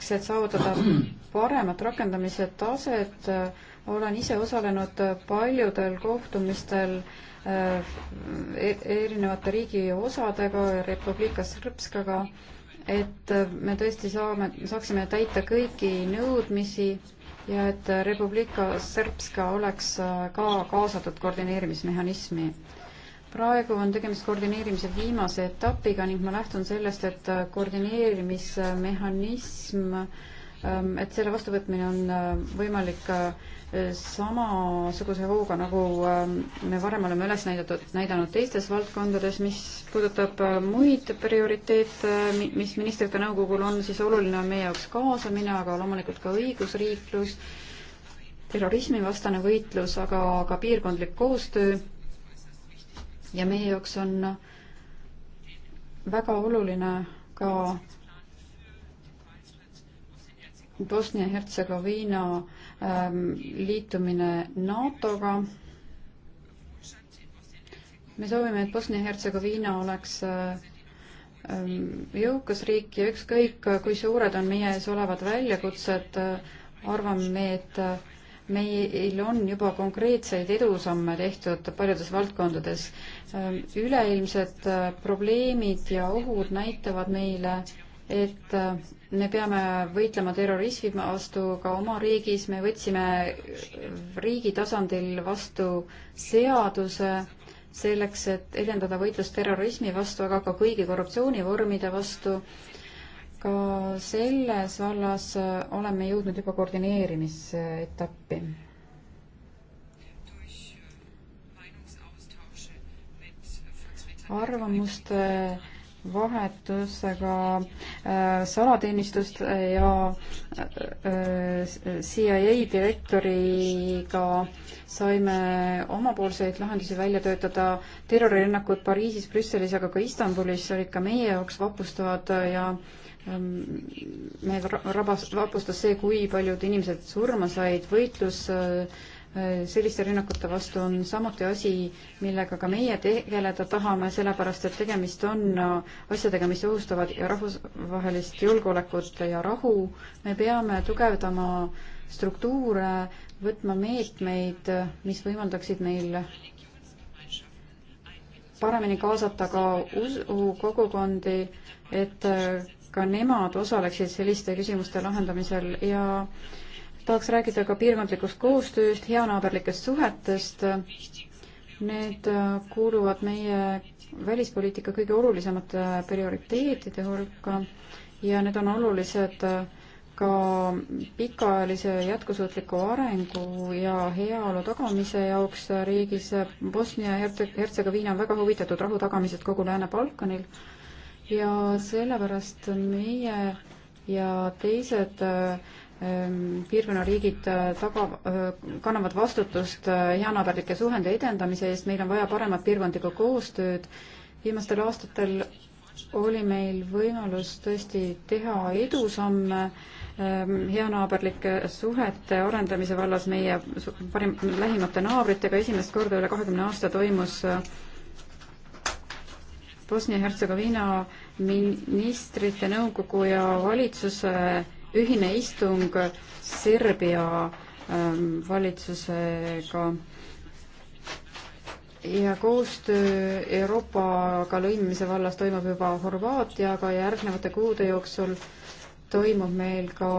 selleks, et saavutada paremat rakendamise taset, olen ise osalenud paljudel kohtumistel eh, e-, erinevate riigi osadega, Republika Srpskaga, et me tõesti saame, saaksime täita kõiki nõudmisi ja et Republika Srpska oleks ka kaasatud koordineerimismehhanismi praegu on tegemist koordineerimise viimase etapiga ning ma lähtun sellest, et äh, koordineerimismehhanism, ähm, et selle vastuvõtmine on äh, võimalik äh, samasuguse hooga, nagu ähm, me varem oleme üles näidatud, näidanud teistes valdkondades, mis puudutab muid prioriteete, mis ministrite nõukogul on, siis oluline on meie jaoks kaasamine, aga loomulikult ka õigusriiklus, terrorismivastane võitlus, aga ka piirkondlik koostöö ja meie jaoks on väga oluline ka Bosnia-Hertsegoviina ähm, liitumine NATO-ga. me soovime, et Bosnia-Hertsegoviina oleks äh, ähm, jõukas riik ja ükskõik, kui suured on meie ees olevad väljakutsed, äh, arvame me, et äh, meil on juba konkreetseid edusamme tehtud paljudes valdkondades. Ehm, üleilmsed äh, probleemid ja ohud näitavad meile, et äh, me peame võitlema terrorismi vastu ka oma riigis, me võtsime riigi tasandil vastu seaduse selleks, et edendada võitlust terrorismi vastu, aga ka kõigi korruptsioonivormide vastu ka selles vallas oleme jõudnud juba koordineerimisetappi. arvamuste vahetusega äh, salateenistust ja äh, CIA direktoriga saime omapoolseid lahendusi välja töötada. terrorirünnakud Pariisis, Brüsselis, aga ka Istanbulis olid ka meie jaoks vapustavad ja äh, Ähm, meil rabas, vapustas see, kui paljud inimesed surma said, võitlus äh, äh, selliste rünnakute vastu on samuti asi, millega ka meie tegeleda tahame, sellepärast et tegemist on äh, asjadega, mis ohustavad rahvusvahelist julgeolekut ja rahu. me peame tugevdama struktuure, võtma meetmeid, mis võimaldaksid meil paremini kaasata ka usukogukondi, et ka nemad osaleksid selliste küsimuste lahendamisel ja tahaks rääkida ka piirkondlikust koostööst, heanaaberlikest suhetest. Need kuuluvad meie välispoliitika kõige olulisemate prioriteetide hulka ja need on olulised ka pikaajalise jätkusuutliku arengu ja heaolu tagamise jaoks riigis Bosnia ja Hertsegoviina on väga huvitatud rahu tagamisest kogu Lääne-Balkanil ja sellepärast meie ja teised ähm, piirkonna riigid äh, taga, äh, kannavad vastutust äh, heanaaberlike suhende edendamise eest, meil on vaja paremat piirkondlikku koostööd. viimastel aastatel oli meil võimalus tõesti teha edusamme ähm, heanaaberlike suhete arendamise vallas meie parim, lähimate naabritega. esimest korda üle kahekümne aasta toimus äh, Bosnia-Hertsegoviina ministrite nõukogu ja valitsuse ühine istung Serbia ähm, valitsusega ja koostöö Euroopaga lõimimise vallas toimub juba Horvaatiaga ja järgnevate kuude jooksul toimub meil ka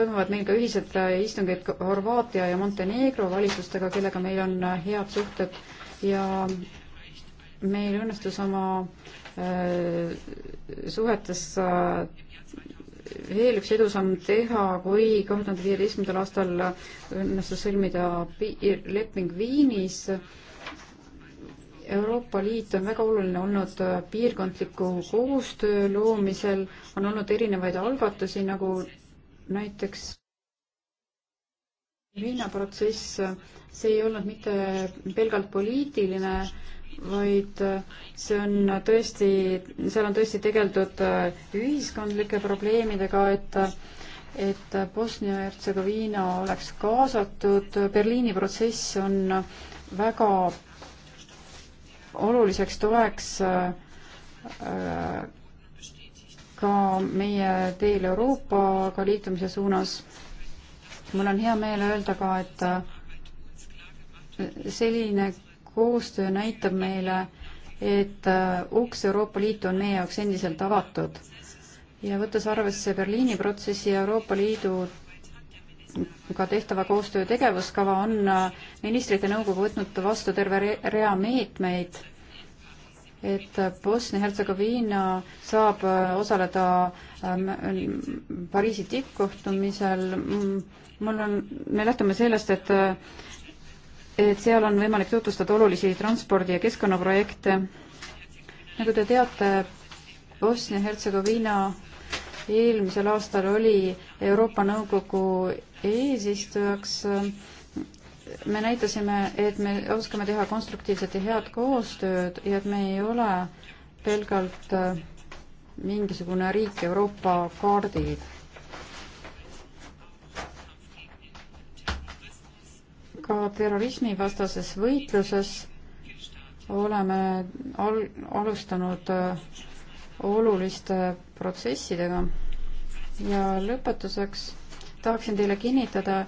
toimuvad meil ka ühised istungid Horvaatia ja Montenegro valitsustega, kellega meil on head suhted ja meil õnnestus oma äh, suhetes äh, veel üks edusamm teha, kui kahe tuhande viieteistkümnendal aastal õnnestus sõlmida leping Viinis. Euroopa Liit on väga oluline olnud piirkondliku koostöö loomisel, on olnud erinevaid algatusi, nagu näiteks Viina protsess, see ei olnud mitte pelgalt poliitiline vaid äh, see on tõesti, seal on tõesti tegeldud äh, ühiskondlike probleemidega, et et Bosnia-Hertsegoviina oleks kaasatud, Berliini protsess on väga oluliseks toeks äh, ka meie teel Euroopaga liitumise suunas. mul on hea meel öelda ka, et selline koostöö näitab meile, et äh, uks Euroopa Liitu on meie jaoks endiselt avatud ja võttes arvesse Berliini protsessi ja Euroopa Liidu ka tehtava koostöö tegevuskava on äh, ministrite nõukogu võtnud vastu terve rea meetmeid, et äh, Bosnia-Hertsegoviina saab osaleda ähm, Pariisi tippkohtumisel. mul on, me lähtume sellest, et et seal on võimalik tutvustada olulisi transpordi- ja keskkonnaprojekte. nagu te teate, Bosnia-Hertsegoviina eelmisel aastal oli Euroopa Nõukogu eesistujaks. me näitasime, et me oskame teha konstruktiivset ja head koostööd ja et me ei ole pelgalt mingisugune riik Euroopa kaardil ka terrorismivastases võitluses oleme al-, alustanud äh, oluliste protsessidega ja lõpetuseks tahaksin teile kinnitada,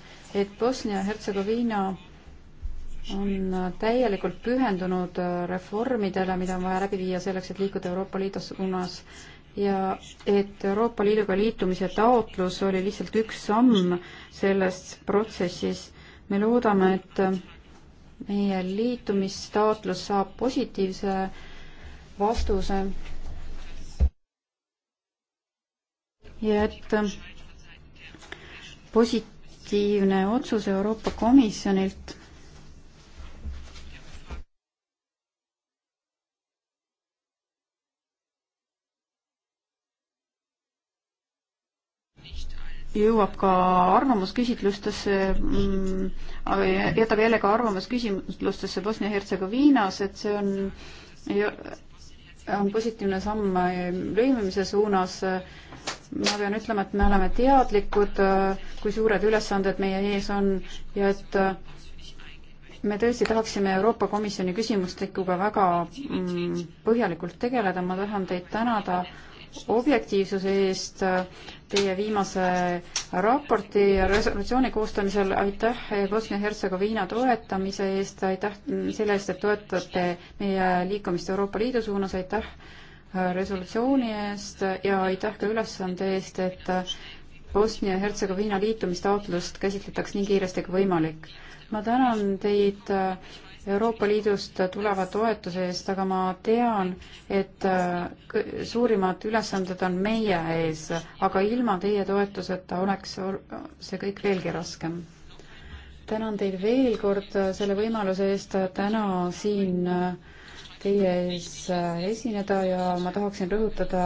et Bosnia-Hertsegoviina on äh, täielikult pühendunud äh, reformidele, mida on vaja läbi viia selleks, et liikuda Euroopa Liidu suunas ja et Euroopa Liiduga liitumise taotlus oli lihtsalt üks samm selles protsessis me loodame, et meie liitumistaotlus saab positiivse vastuse ja et positiivne otsus Euroopa Komisjonilt jõuab ka arvamusküsitlustesse, mm, jätab jälle ka arvamusküsitlustesse Bosnia-Hertsegoviinas, et see on, on positiivne samm lõimimise suunas. ma pean ütlema, et me oleme teadlikud, kui suured ülesanded meie ees on ja et me tõesti tahaksime Euroopa Komisjoni küsimustikuga väga mm, põhjalikult tegeleda, ma tahan teid tänada äh, objektiivsuse eest äh, teie viimase raporti ja resolutsiooni koostamisel, aitäh Bosnia-Hertsegoviina toetamise eest, aitäh selle eest, et toetate meie liikumist Euroopa Liidu suunas, aitäh äh, resolutsiooni eest ja aitäh ka ülesande eest, et äh, Bosnia-Hertsegoviina liitumistaotlust käsitletaks nii kiiresti kui võimalik. ma tänan teid äh, Euroopa Liidust tuleva toetuse eest, aga ma tean, et äh, suurimad ülesanded on meie ees, aga ilma teie toetuseta oleks see kõik veelgi raskem. tänan teid veel kord selle võimaluse eest täna siin äh, teie ees äh, esineda ja ma tahaksin rõhutada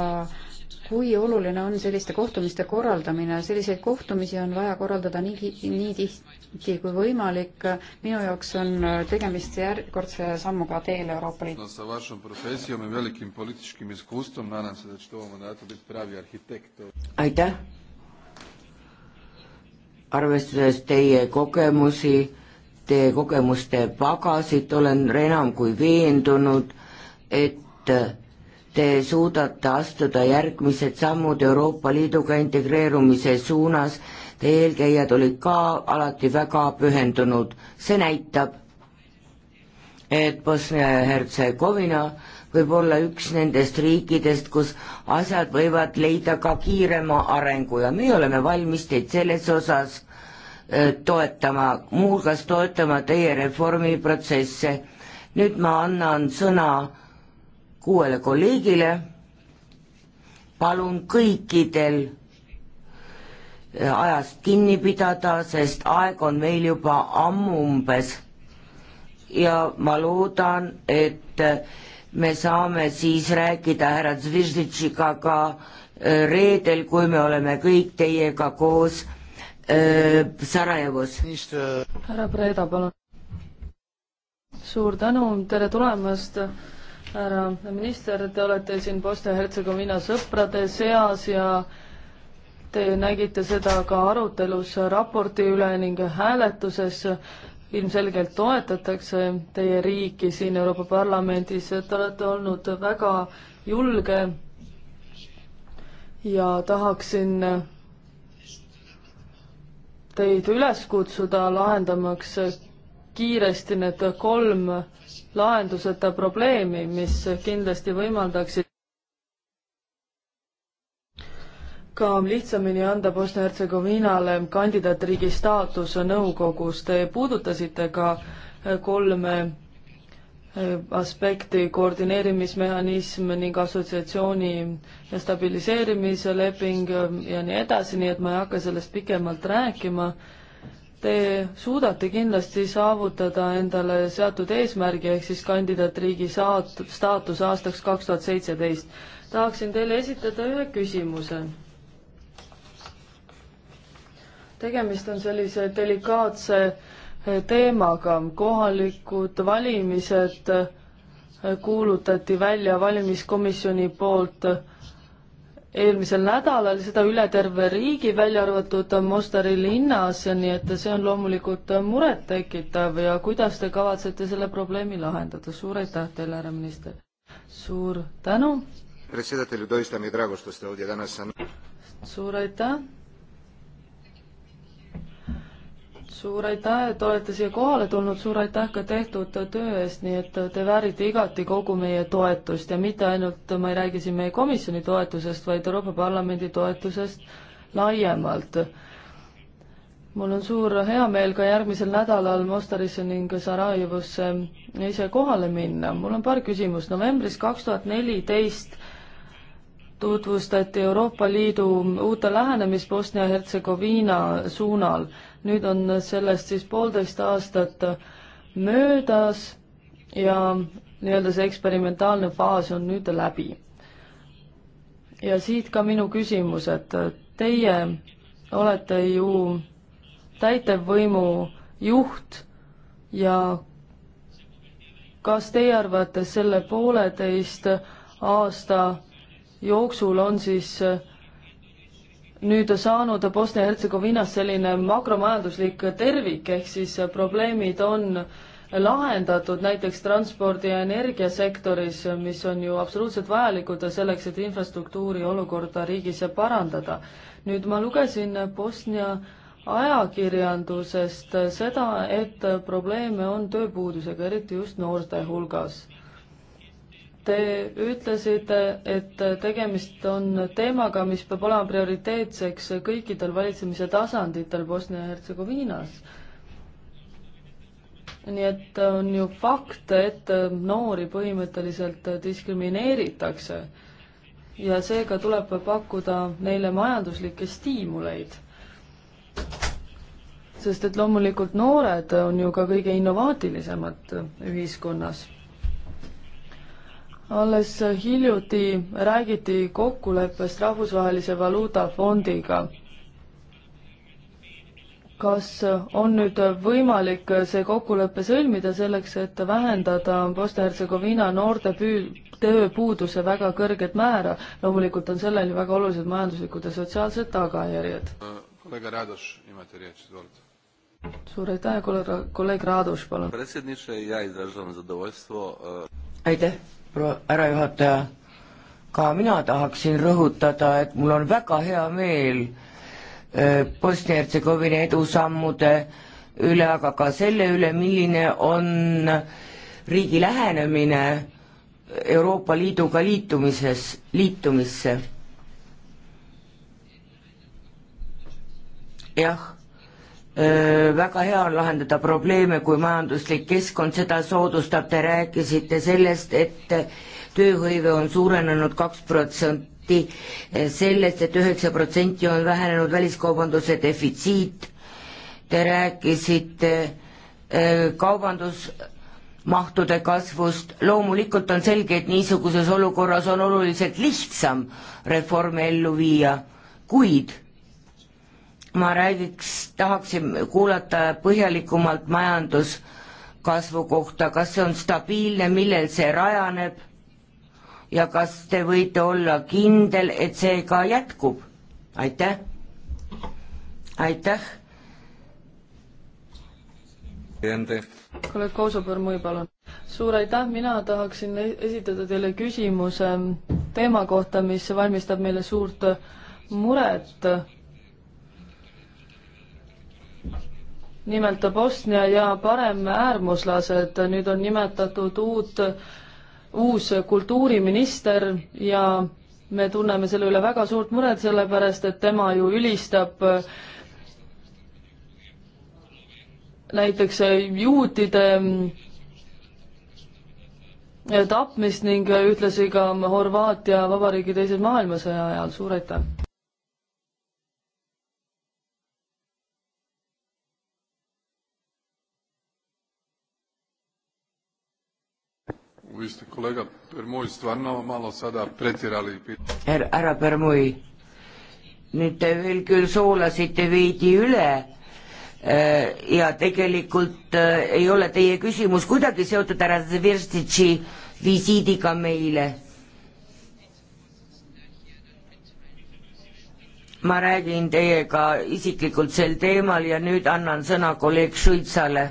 kui oluline on selliste kohtumiste korraldamine, selliseid kohtumisi on vaja korraldada nii, nii tihti kui võimalik. minu jaoks on tegemist järjekordse sammuga teel Euroopa Liidu. sa vašom professioon ja velikim poliitiliskim iskustom, nanan seda, et too mandaat on praegu arhitekt. aitäh! arvestades teie kogemusi, teie kogemuste pagasit, olen enam kui veendunud, et te suudate astuda järgmised sammud Euroopa Liiduga integreerumise suunas, teie eelkäijad olid ka alati väga pühendunud, see näitab, et Bosnia ja Hertsegovina võib olla üks nendest riikidest, kus asjad võivad leida ka kiirema arengu ja meie oleme valmis teid selles osas äh, toetama, muuhulgas toetama teie reformiprotsesse. nüüd ma annan sõna kuuele kolleegile. palun kõikidel eh, ajast kinni pidada, sest aeg on meil juba ammu umbes. ja ma loodan, et eh, me saame siis rääkida härra Zvizdičiga ka eh, reedel, kui me oleme kõik teiega koos äh, Sarajevos. härra Preeda, palun. suur tänu, tere tulemast härra minister, te olete siin Bosnia-Hertsegoviina sõprade seas ja te nägite seda ka arutelus raporti üle ning hääletuses. ilmselgelt toetatakse teie riiki siin Euroopa Parlamendis, et olete olnud väga julge ja tahaksin teid üles kutsuda lahendamaks kiiresti need kolm lahendused probleemi, mis kindlasti võimaldaksid ka lihtsamini anda Bosnia-Hertsegoviinale kandidaatriigi staatus nõukogus. Te puudutasite ka äh, kolme äh, aspekti, koordineerimismehhanism ning assotsiatsiooni ja stabiliseerimise leping äh, ja nii edasi, nii et ma ei hakka sellest pikemalt rääkima Te suudate kindlasti saavutada endale seatud eesmärgi ehk siis kandidaatriigi saat-, staatus aastaks kaks tuhat seitseteist. tahaksin teile esitada ühe küsimuse. tegemist on sellise delikaatse eh, teemaga, kohalikud valimised eh, kuulutati välja valimiskomisjoni poolt eh, eelmisel nädalal, seda üle terve riigi, välja arvatud Mostari linnas, nii et see on loomulikult murettekitav ja kuidas te kavatsete selle probleemi lahendada, suur aitäh teile, härra minister! suur tänu! suur aitäh! suur aitäh, et olete siia kohale tulnud, suur aitäh ka tehtud töö eest, nii et te väärite igati kogu meie toetust ja mitte ainult, ma ei räägi siin meie komisjoni toetusest, vaid Euroopa Parlamendi toetusest laiemalt. mul on suur heameel ka järgmisel nädalal Mostarisse ning Sarajevosse ise kohale minna. mul on paar küsimust. novembris kaks tuhat neliteist tutvustati Euroopa Liidu uute lähenemist Bosnia-Hertsegoviina suunal. nüüd on sellest siis poolteist aastat möödas ja nii-öelda see eksperimentaalne faas on nüüd läbi. ja siit ka minu küsimus, et teie olete ju täitevvõimu juht ja kas teie arvates selle pooleteist aasta jooksul on siis äh, nüüd saanud Bosnia-Hertsegoviinas selline makromajanduslik tervik, ehk siis äh, probleemid on lahendatud näiteks transpordi ja energiasektoris, mis on ju absoluutselt vajalikud selleks, et infrastruktuuri olukorda riigis parandada. nüüd ma lugesin Bosnia ajakirjandusest seda, et probleeme on tööpuudusega, eriti just noorte hulgas. Te ütlesite, et tegemist on teemaga, mis peab olema prioriteetseks kõikidel valitsemise tasanditel Bosnia-Hertsegoviinas. nii et on ju fakt, et noori põhimõtteliselt diskrimineeritakse ja seega tuleb pakkuda neile majanduslikke stiimuleid. sest et loomulikult noored on ju ka kõige innovaatilisemad ühiskonnas alles hiljuti räägiti kokkuleppest Rahvusvahelise Valuutafondiga. kas on nüüd võimalik see kokkulepe sõlmida selleks, et vähendada Bosnia-Hertsegoviina noorte püü-, tööpuuduse väga kõrget määra? loomulikult on sellel ju väga olulised majanduslikud ja sotsiaalsed tagajärjed. Äh, suur aitäh, kolleeg Radoš, palun. aitäh härra juhataja, ka mina tahaksin rõhutada, et mul on väga hea meel äh, Bosnia-Hertsegoviini edusammude üle, aga ka selle üle, milline on riigi lähenemine Euroopa Liiduga liitumises, liitumisse. jah väga hea on lahendada probleeme, kui majanduslik keskkond seda soodustab, te rääkisite sellest, et tööhõive on suurenenud kaks protsenti, sellest, et üheksa protsenti on vähenenud väliskaubanduse defitsiit, te rääkisite kaubandus mahtude kasvust, loomulikult on selge, et niisuguses olukorras on oluliselt lihtsam reforme ellu viia, kuid ma räägiks, tahaksin kuulata põhjalikumalt majanduskasvu kohta, kas see on stabiilne, millel see rajaneb ja kas te võite olla kindel, et see ka jätkub? aitäh. aitäh. kolleeg Kauso-Põrmui, palun. suur aitäh, mina tahaksin e- esitada teile küsimuse teema kohta, mis valmistab meile suurt muret nimelt Bosnia ja paremäärmuslased, nüüd on nimetatud uut, uus kultuuriminister ja me tunneme selle üle väga suurt muret, sellepärast et tema ju ülistab näiteks juutide tapmist ning ühtlasi ka Horvaatia Vabariigi teise maailmasõja ajal, suur aitäh! vi ste kolega Permuj stvarno malo sada pretjerali. härra Permuj, nüüd te veel küll soolasite veidi üle eh, ja tegelikult eh, ei ole teie küsimus kuidagi seotud härra Zverstitši visiidiga meile. ma räägin teiega isiklikult sel teemal ja nüüd annan sõna kolleeg Šuitsale.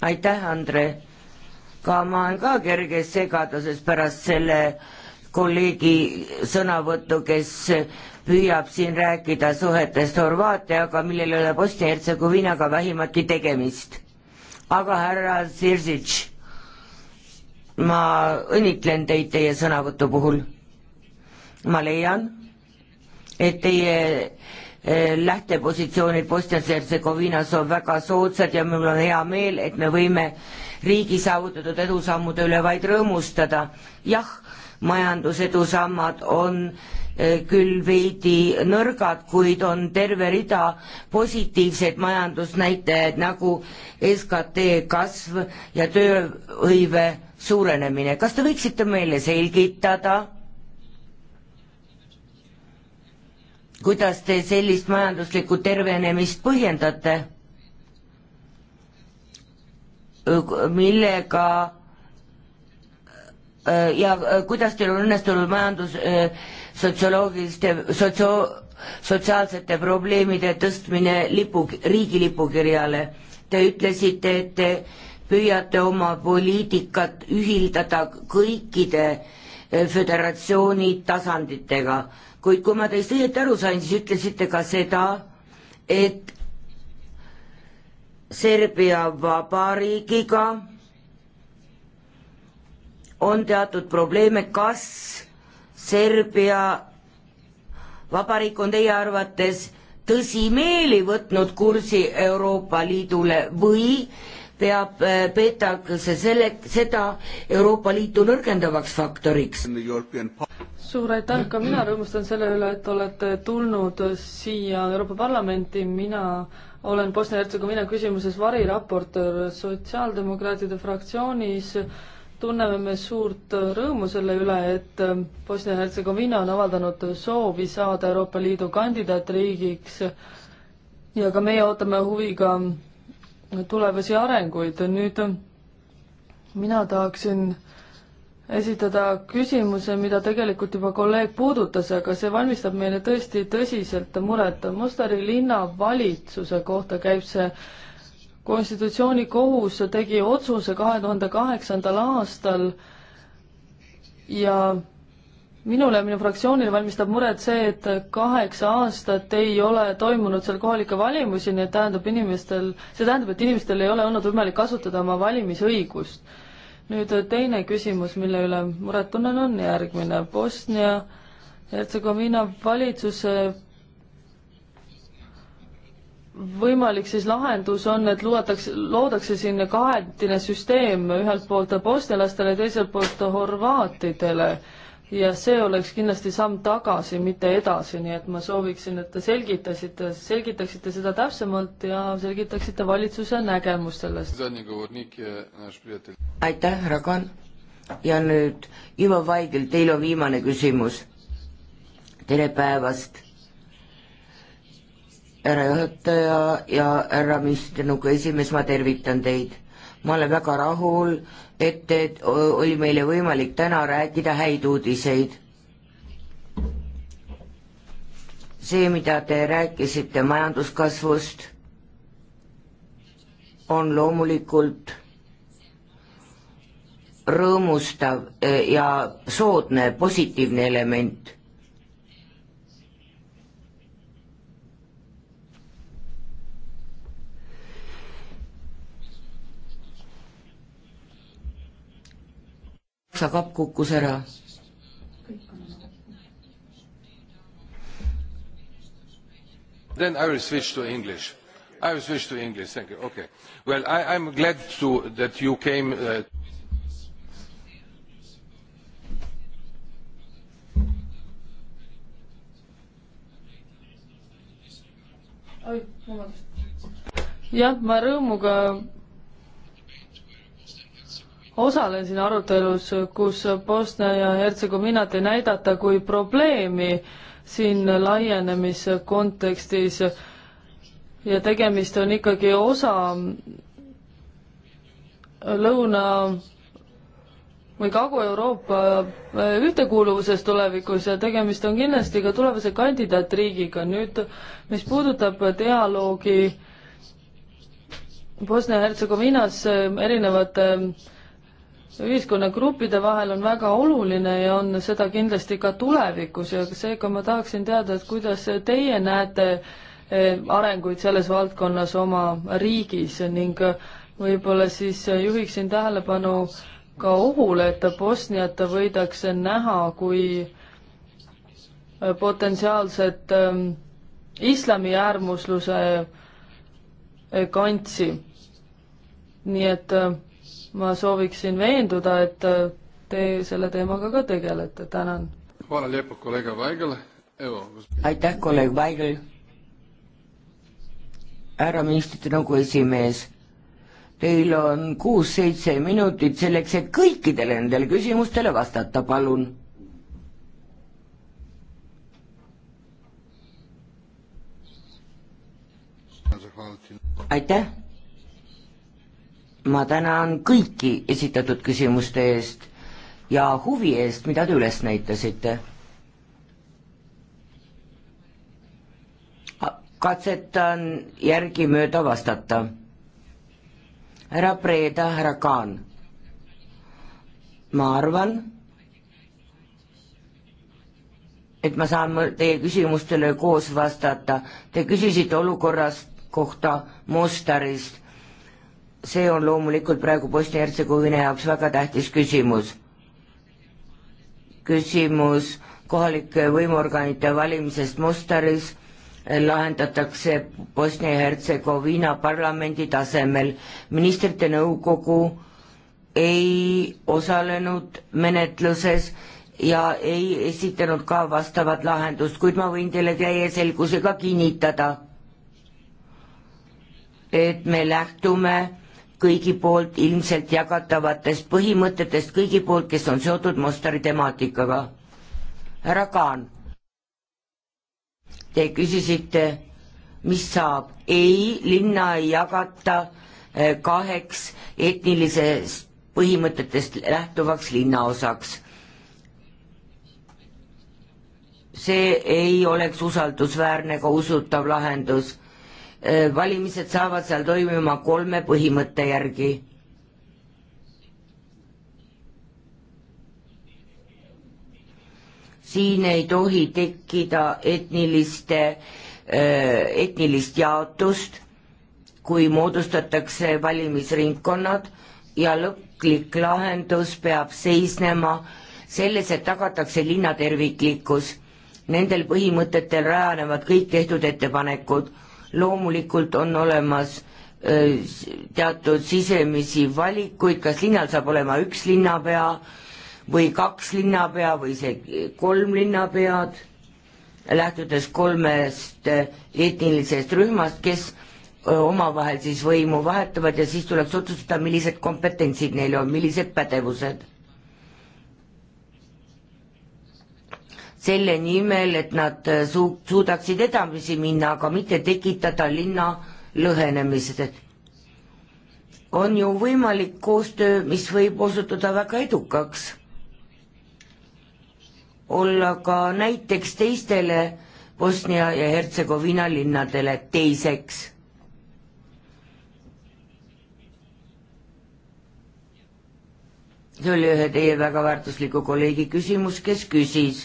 aitäh, Andre ka ma olen ka kerges segaduses pärast selle kolleegi sõnavõttu, kes püüab siin rääkida suhetest Horvaatiaga, millel ei ole Bosnia-Hertsegoviinaga vähimatki tegemist. aga härra Sirsic, ma õnnitlen teid teie sõnavõtu puhul. ma leian, et teie eh, lähtepositsioonid Bosnias-Hertsegoviinas on väga soodsad ja mul on hea meel, et me võime riigi saavutatud edusammude üle vaid rõõmustada. jah, majandusedusammad on eh, küll veidi nõrgad, kuid on terve rida positiivseid majandusnäitajaid nagu SKT kasv ja tööhõive suurenemine. kas te võiksite meile selgitada, kuidas te sellist majanduslikku tervenemist põhjendate? millega äh, ja äh, kuidas teil on õnnestunud majandus äh, sotsioloogiliste, sotsio-, sotsiaalsete probleemide tõstmine lipu, riigilipukirjale? Te ütlesite, et te püüate oma poliitikat ühildada kõikide föderatsiooni tasanditega, kuid kui ma teist õieti aru sain, siis ütlesite ka seda, et Serbia Vabariigiga on teatud probleeme, kas Serbia Vabariik on teie arvates tõsimeeli võtnud kursi Euroopa Liidule või peab, äh, peetakse selle, seda Euroopa Liitu nõrgendavaks faktoriks? suur aitäh, ka mina rõõmustan selle üle, et olete tulnud siia Euroopa Parlamenti, mina äh, olen Bosnia-Hertsegoviina küsimuses variraportöör Sotsiaaldemokraatide fraktsioonis, tunneme me suurt rõõmu selle üle, et Bosnia-Hertsegoviina on avaldanud soovi saada Euroopa Liidu kandidaatriigiks ja ka meie ootame huviga tulevasi arenguid. nüüd mina tahaksin esitada küsimuse, mida tegelikult juba kolleeg puudutas, aga see valmistab meile tõesti tõsiselt muret. Mustari linnavalitsuse kohta käib see konstitutsioonikohus tegi otsuse kahe tuhande kaheksandal aastal ja minule ja minu fraktsioonile valmistab muret see, et kaheksa aastat ei ole toimunud seal kohalikke valimisi, nii et tähendab inimestel, see tähendab, et inimestel ei ole olnud võimalik kasutada oma valimisõigust nüüd äh, teine küsimus, mille üle muret tunnen, on järgmine. Bosnia-Hertsegoviina valitsuse võimalik siis lahendus on, et luuatakse, loodakse siin kahetine süsteem ühelt poolt bosnialastele, teiselt poolt horvaatidele ja see oleks kindlasti samm tagasi, mitte edasi, nii et ma sooviksin, et te selgitasite, selgitaksite seda täpsemalt ja selgitaksite valitsuse nägemust sellest. aitäh, härra Kann. ja nüüd Ivo Vaigel, teil on viimane küsimus. tere päevast, härra juhataja ja härra minister Nuku esimees, ma tervitan teid. ma olen väga rahul et, et oli meile võimalik täna rääkida häid uudiseid. see, mida te rääkisite majanduskasvust, on loomulikult rõõmustav e, ja soodne positiivne element üheksa kapp kukkus ära. Then I will switch to English. I will switch to English, thank you, okay. Well, I, I'm glad to, that you came uh, jah, ma rõõmuga osalesin arutelus, kus Bosnia ja Hertsegovinat ei näidata kui probleemi siin laienemise kontekstis ja tegemist on ikkagi osa Lõuna või Kagu-Euroopa äh, ühtekuuluvuses tulevikus ja tegemist on kindlasti ka tulevase kandidaatriigiga. nüüd, mis puudutab dialoogi Bosnia-Hertsegoviinas äh, erinevate äh, ühiskonnagruppide vahel on väga oluline ja on seda kindlasti ka tulevikus ja seega ma tahaksin teada, et kuidas teie näete eh, arenguid selles valdkonnas oma riigis ning eh, võib-olla siis juhiksin tähelepanu ka ohule, et Bosniat võidakse näha kui eh, potentsiaalset islamiäärmusluse kantsi. nii et äh, ma sooviksin veenduda, et äh, te selle teemaga ka tegelete, tänan. aitäh, kolleeg Vaigel. härra ministrite nõukogu esimees, teil on kuus-seitse minutit selleks, et kõikidele nendele küsimustele vastata, palun aitäh ma tänan kõiki esitatud küsimuste eest ja huvi eest, mida te üles näitasite. katsetan järgimööda vastata. härra Preeda, härra Kaan, ma arvan, et ma saan teie küsimustele koos vastata. Te küsisite olukorrast kohta Mostarist see on loomulikult praegu Bosnia-Hertsegoviina jaoks väga tähtis küsimus. küsimus kohalike võimuorganite valimisest mustaris lahendatakse Bosnia-Hertsegoviina parlamendi tasemel. ministrite nõukogu ei osalenud menetluses ja ei esitanud ka vastavat lahendust, kuid ma võin teile täie selgusega kinnitada, et me lähtume kõigi poolt ilmselt jagatavatest põhimõtetest kõigi poolt, kes on seotud Mostari temaatikaga. härra Kaan, te küsisite, mis saab, ei, linna ei jagata eh, kaheks etnilisest põhimõtetest lähtuvaks linnaosaks. see ei oleks usaldusväärne ega usutav lahendus Äh, valimised saavad seal toimima kolme põhimõtte järgi. siin ei tohi tekkida etniliste, äh, etnilist jaotust, kui moodustatakse valimisringkonnad ja lõplik lahendus peab seisnema selles, et tagatakse linna terviklikkus. Nendel põhimõtetel rajanevad kõik tehtud ettepanekud loomulikult on olemas äh, teatud sisemisi valikuid, kas linnal saab olema üks linnapea või kaks linnapea või isegi kolm linnapead, lähtudes kolmest äh, etnilisest rühmast, kes äh, omavahel siis võimu vahetavad ja siis tuleks otsustada, millised kompetentsid neil on, millised pädevused selle nimel, et nad äh, su-, suudaksid edasi minna, aga mitte tekitada linna lõhenemist. on ju võimalik koostöö, mis võib osutuda väga edukaks, olla ka näiteks teistele Bosnia ja Hertsegoviina linnadele, teiseks see oli ühe teie väga väärtusliku kolleegi küsimus, kes küsis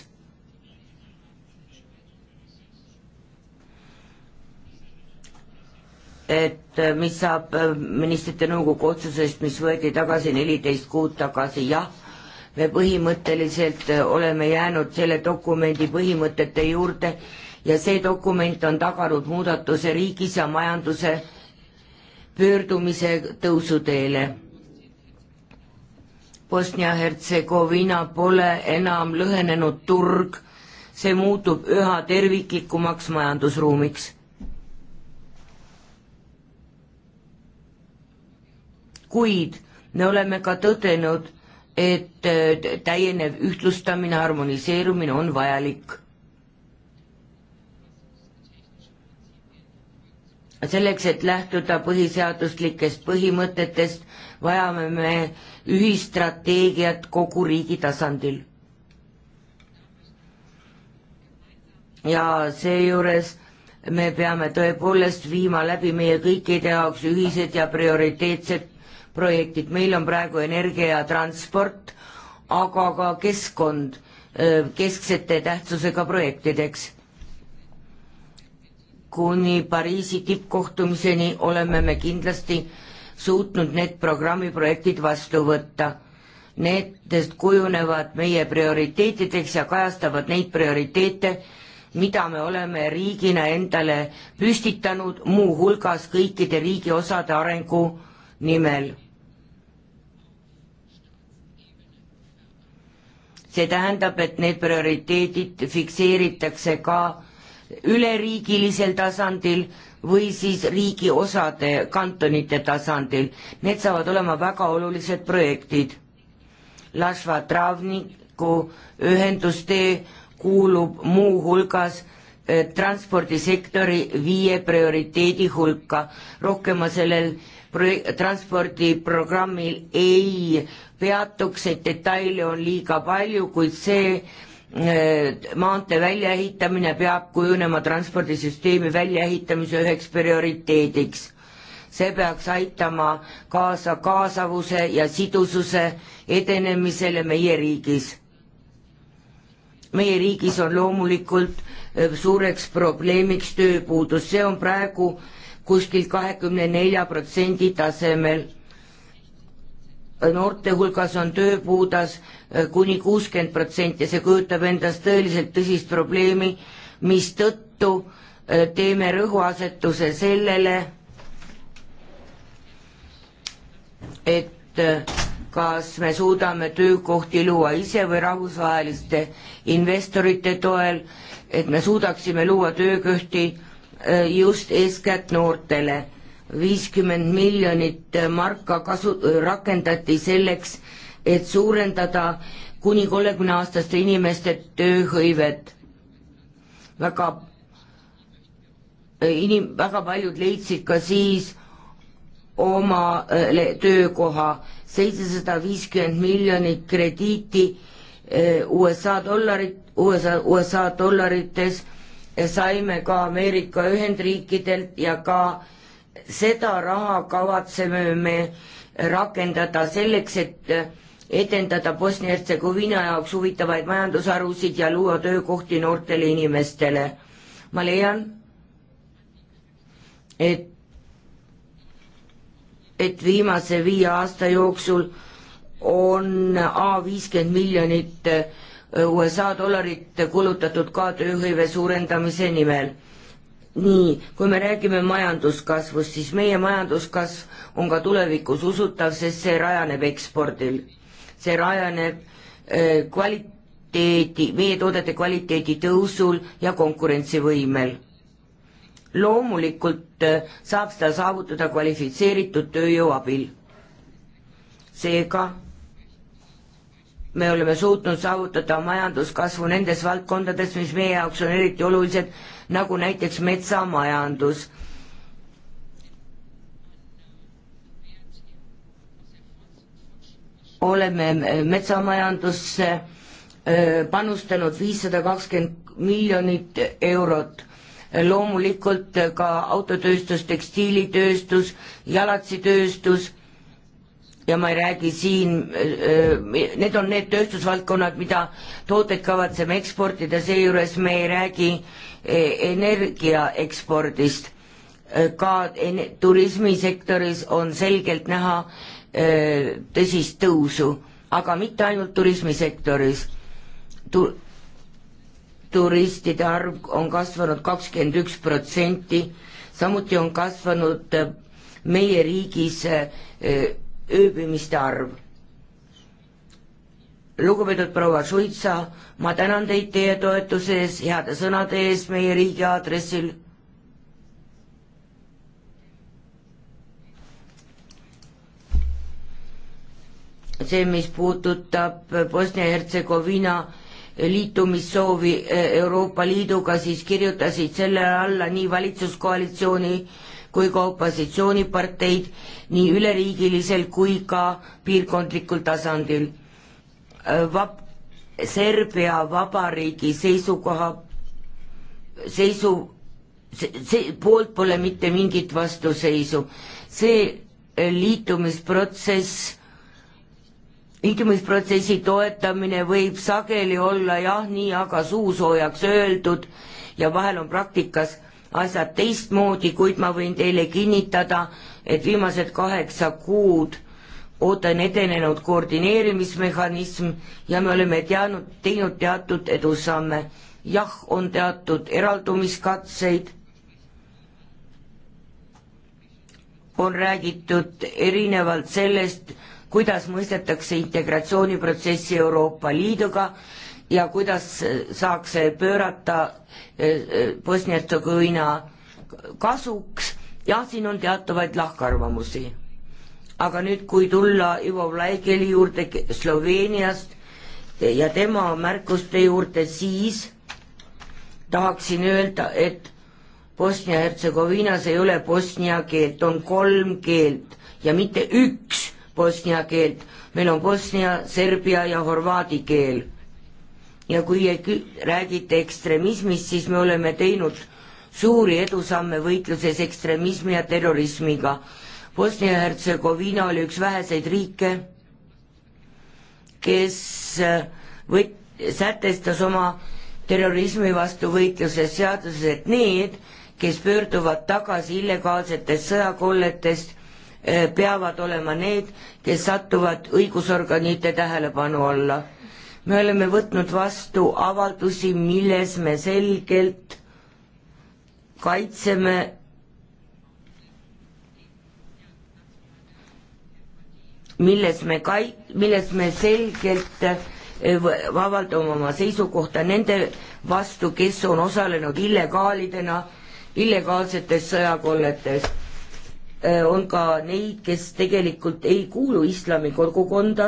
et äh, mis saab äh, ministrite nõukogu otsusest, mis võeti tagasi neliteist kuud tagasi, jah, me põhimõtteliselt äh, oleme jäänud selle dokumendi põhimõtete juurde ja see dokument on taganud muudatuse riigis ja majanduse pöördumise tõusuteele. Bosnia-Hertsegoviina pole enam lõhenenud turg, see muutub üha terviklikumaks majandusruumiks kuid me oleme ka tõdenud, et äh, täienev ühtlustamine, harmoniseerumine on vajalik. selleks, et lähtuda põhiseaduslikest põhimõtetest, vajame me ühistrateegiat kogu riigi tasandil. ja seejuures me peame tõepoolest viima läbi meie kõikide jaoks ühised ja prioriteetsed projektid, meil on praegu energia ja transport, aga ka keskkond kesksete tähtsusega projektideks. kuni Pariisi tippkohtumiseni oleme me kindlasti suutnud need programmiprojektid vastu võtta. Need kujunevad meie prioriteetideks ja kajastavad neid prioriteete, mida me oleme riigina endale püstitanud, muuhulgas kõikide riigi osade arengu nimel. see tähendab, et need prioriteedid fikseeritakse ka üleriigilisel tasandil või siis riigi osade, kantonite tasandil. Need saavad olema väga olulised projektid. Lašva Travniku ühendustee kuulub muuhulgas eh, transpordisektori viie prioriteedi hulka. rohkem ma sellel projek-, transpordiprogrammil ei peatuks, et detaile on liiga palju, kuid see äh, maantee väljaehitamine peab kujunema transpordisüsteemi väljaehitamise üheks prioriteediks. see peaks aitama kaasa kaasavuse ja sidususe edenemisele meie riigis. meie riigis on loomulikult äh, suureks probleemiks tööpuudus, see on praegu äh, kuskil kahekümne nelja protsendi tasemel. noorte hulgas on tööpuudas eh, kuni kuuskümmend protsenti ja see kujutab endast tõeliselt tõsist probleemi, mistõttu eh, teeme rõhuasetuse sellele, et eh, kas me suudame töökohti luua ise või rahvusvaheliste investorite toel, et me suudaksime luua töökohti Äh, just eeskätt noortele. viiskümmend miljonit äh, marka kasu, äh, rakendati selleks, et suurendada kuni kolmekümne aastaste inimeste tööhõivet. väga inim-, väga paljud leidsid ka siis oma töökoha, seitsesada viiskümmend miljonit krediiti USA dollarit, USA, USA dollarites saime ka Ameerika Ühendriikidelt ja ka seda raha kavatseme me rakendada selleks, et edendada Bosnia-Hertsegoviina jaoks huvitavaid majandusharusid ja luua töökohti noortele inimestele. ma leian, et, et viimase viie aasta jooksul on A viiskümmend miljonit USA dollarit kulutatud ka tööhõive suurendamise nimel. nii, kui me räägime majanduskasvust, siis meie majanduskasv on ka tulevikus usutav, sest see rajaneb ekspordil. see rajaneb eh, kvaliteedi, meie toodete kvaliteedi tõusul ja konkurentsivõimel loomulikult eh, saab seda saavutada kvalifitseeritud tööjõu abil. seega me oleme suutnud saavutada majanduskasvu nendes valdkondades, mis meie jaoks on eriti olulised, nagu näiteks metsamajandus. oleme metsamajandusse panustanud viissada kakskümmend miljonit eurot loomulikult ka autotööstus, tekstiilitööstus, jalatsitööstus ja ma ei räägi siin, äh, äh, need on need tööstusvaldkonnad, mida tooteid kavatseme eksportida, seejuures me ei räägi äh, energia ekspordist. ka turismisektoris on selgelt näha tõsist tõusu, aga mitte ainult turismisektoris tu-, turistide arv on kasvanud kakskümmend üks protsenti, samuti on kasvanud meie riigis ööbimiste arv. lugupeetud proua Suitsa, ma tänan teid teie toetuse eest, heade sõnade eest meie riigi aadressil see, mis puudutab Bosnia-Hertsegoviina liitumissoovi Euroopa Liiduga, siis kirjutasid selle alla nii valitsuskoalitsiooni kui ka opositsiooniparteid nii üleriigilisel kui ka piirkondlikul tasandil. Äh, vab-, Serbia Vabariigi seisukoha, seisu, see, poolt pole mitte mingit vastuseisu. see äh, liitumisprotsess liitumisprotsessi toetamine võib sageli olla jah, nii aga suusoojaks öeldud ja vahel on praktikas asjad teistmoodi, kuid ma võin teile kinnitada, et viimased kaheksa kuud ootan edenenud koordineerimismehhanism ja me oleme teadnud, teinud teatud edusamme. jah, on teatud eraldumiskatseid, on räägitud erinevalt sellest, kuidas mõistetakse integratsiooniprotsessi Euroopa Liiduga ja kuidas saaks pöörata eh, eh, Bosnia-Hertsegoviina kasuks, jah, siin on teatavaid lahkarvamusi. aga nüüd, kui tulla Ivo Vlaikeli juurde Sloveeniast ja tema märkuste juurde, siis tahaksin öelda, et Bosnia-Hertsegoviinas ei ole bosnia keelt, on kolm keelt ja mitte üks bosnia keelt, meil on bosnia, serbia ja horvaadi keel ja kui räägite ekstremismist, siis me oleme teinud suuri edusamme võitluses ekstremismi ja terrorismiga. Bosnia-Hertsegoviina oli üks väheseid riike, kes äh, võt-, sätestas oma terrorismi vastu võitluses seaduses, et need, kes pöörduvad tagasi illegaalsetest sõjakolletest, äh, peavad olema need, kes satuvad õigusorganite tähelepanu alla me oleme võtnud vastu avaldusi, milles me selgelt kaitseme milles me kai-, milles me selgelt eh, avaldame oma seisukohta nende vastu, kes on osalenud illegaalidena illegaalsetes sõjakolletes. Eh, on ka neid, kes tegelikult ei kuulu islami kogukonda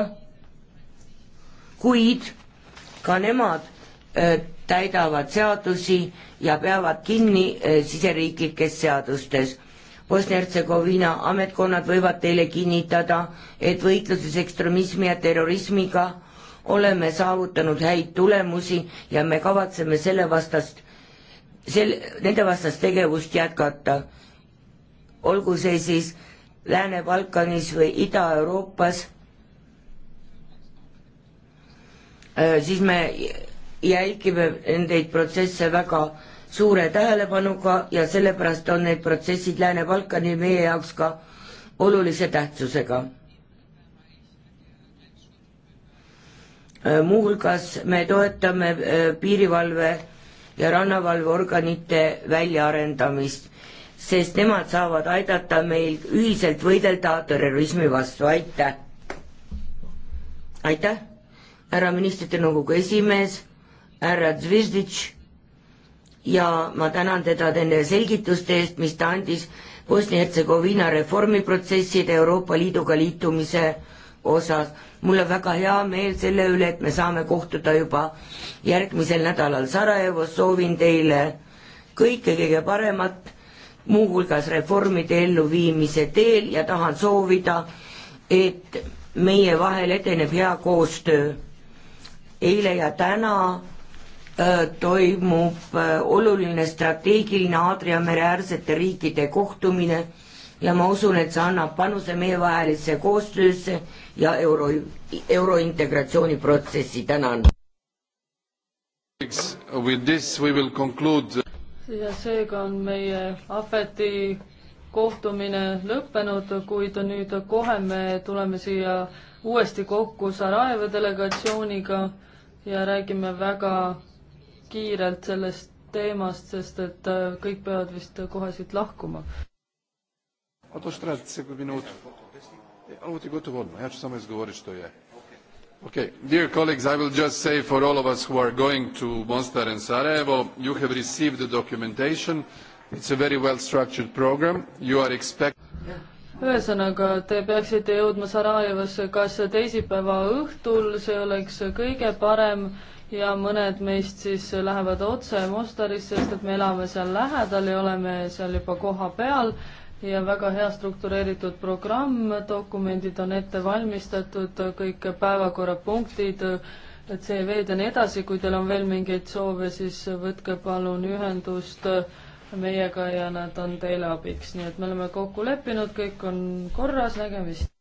kuid ka nemad äh, täidavad seadusi ja peavad kinni äh, siseriiklikes seadustes. Bosnia-Hertsegoviina ametkonnad võivad teile kinnitada, et võitluses ekstremismi ja terrorismiga oleme saavutanud häid tulemusi ja me kavatseme selle vastast, sel-, nende vastast tegevust jätkata. olgu see siis Lääne-Balkanis või Ida-Euroopas Äh, siis me jälgime neid protsesse väga suure tähelepanuga ja sellepärast on need protsessid Lääne-Balkanil meie jaoks ka olulise tähtsusega. Äh, muuhulgas me toetame äh, piirivalve ja rannavalveorganite väljaarendamist, sest nemad saavad aidata meil ühiselt võidelda terrorismi vastu, aitäh! aitäh! härra ministrite nõukogu esimees, härra Zvizdic ja ma tänan teda nende selgituste eest, mis ta andis Bosnia-Hertsegoviina reformiprotsesside Euroopa Liiduga liitumise osas. mul on väga hea meel selle üle, et me saame kohtuda juba järgmisel nädalal Sarajevos, soovin teile kõike kõige paremat, muuhulgas reformide elluviimise teel ja tahan soovida, et meie vahel edeneb hea koostöö eile ja täna äh, toimub äh, oluline strateegiline Aadria mere äärsete riikide kohtumine ja ma usun, et see annab panuse meievahelisse koostöösse ja euro, eurointegratsiooni protsessi, tänan. ja seega on meie ahveti kohtumine lõppenud, kuid nüüd kohe me tuleme siia uuesti kokku Sarajevo delegatsiooniga ja räägime väga kiirelt sellest teemast, sest et äh, kõik peavad vist kohe siit lahkuma. Oto Štrad, sekund minut. Ovo ti gotovo odmah, ja ću samo izgovoriti što je. Okay, dear colleagues, I will just say for all of us who are going to Mostar and Sarajevo, you have received the documentation. It's a very well structured program. You are expected. Yeah ühesõnaga, te peaksite jõudma Sarajevosse kas teisipäeva õhtul, see oleks kõige parem ja mõned meist siis lähevad otse Mostarisse, sest et me elame seal lähedal ja oleme seal juba koha peal ja väga hea struktureeritud programm, dokumendid on ette valmistatud, kõik päevakorrapunktid, CV-d ja nii edasi, kui teil on veel mingeid soove, siis võtke palun ühendust äh, meiega ja nad on teile abiks, nii et me oleme kokku leppinud, kõik on korras, nägemist!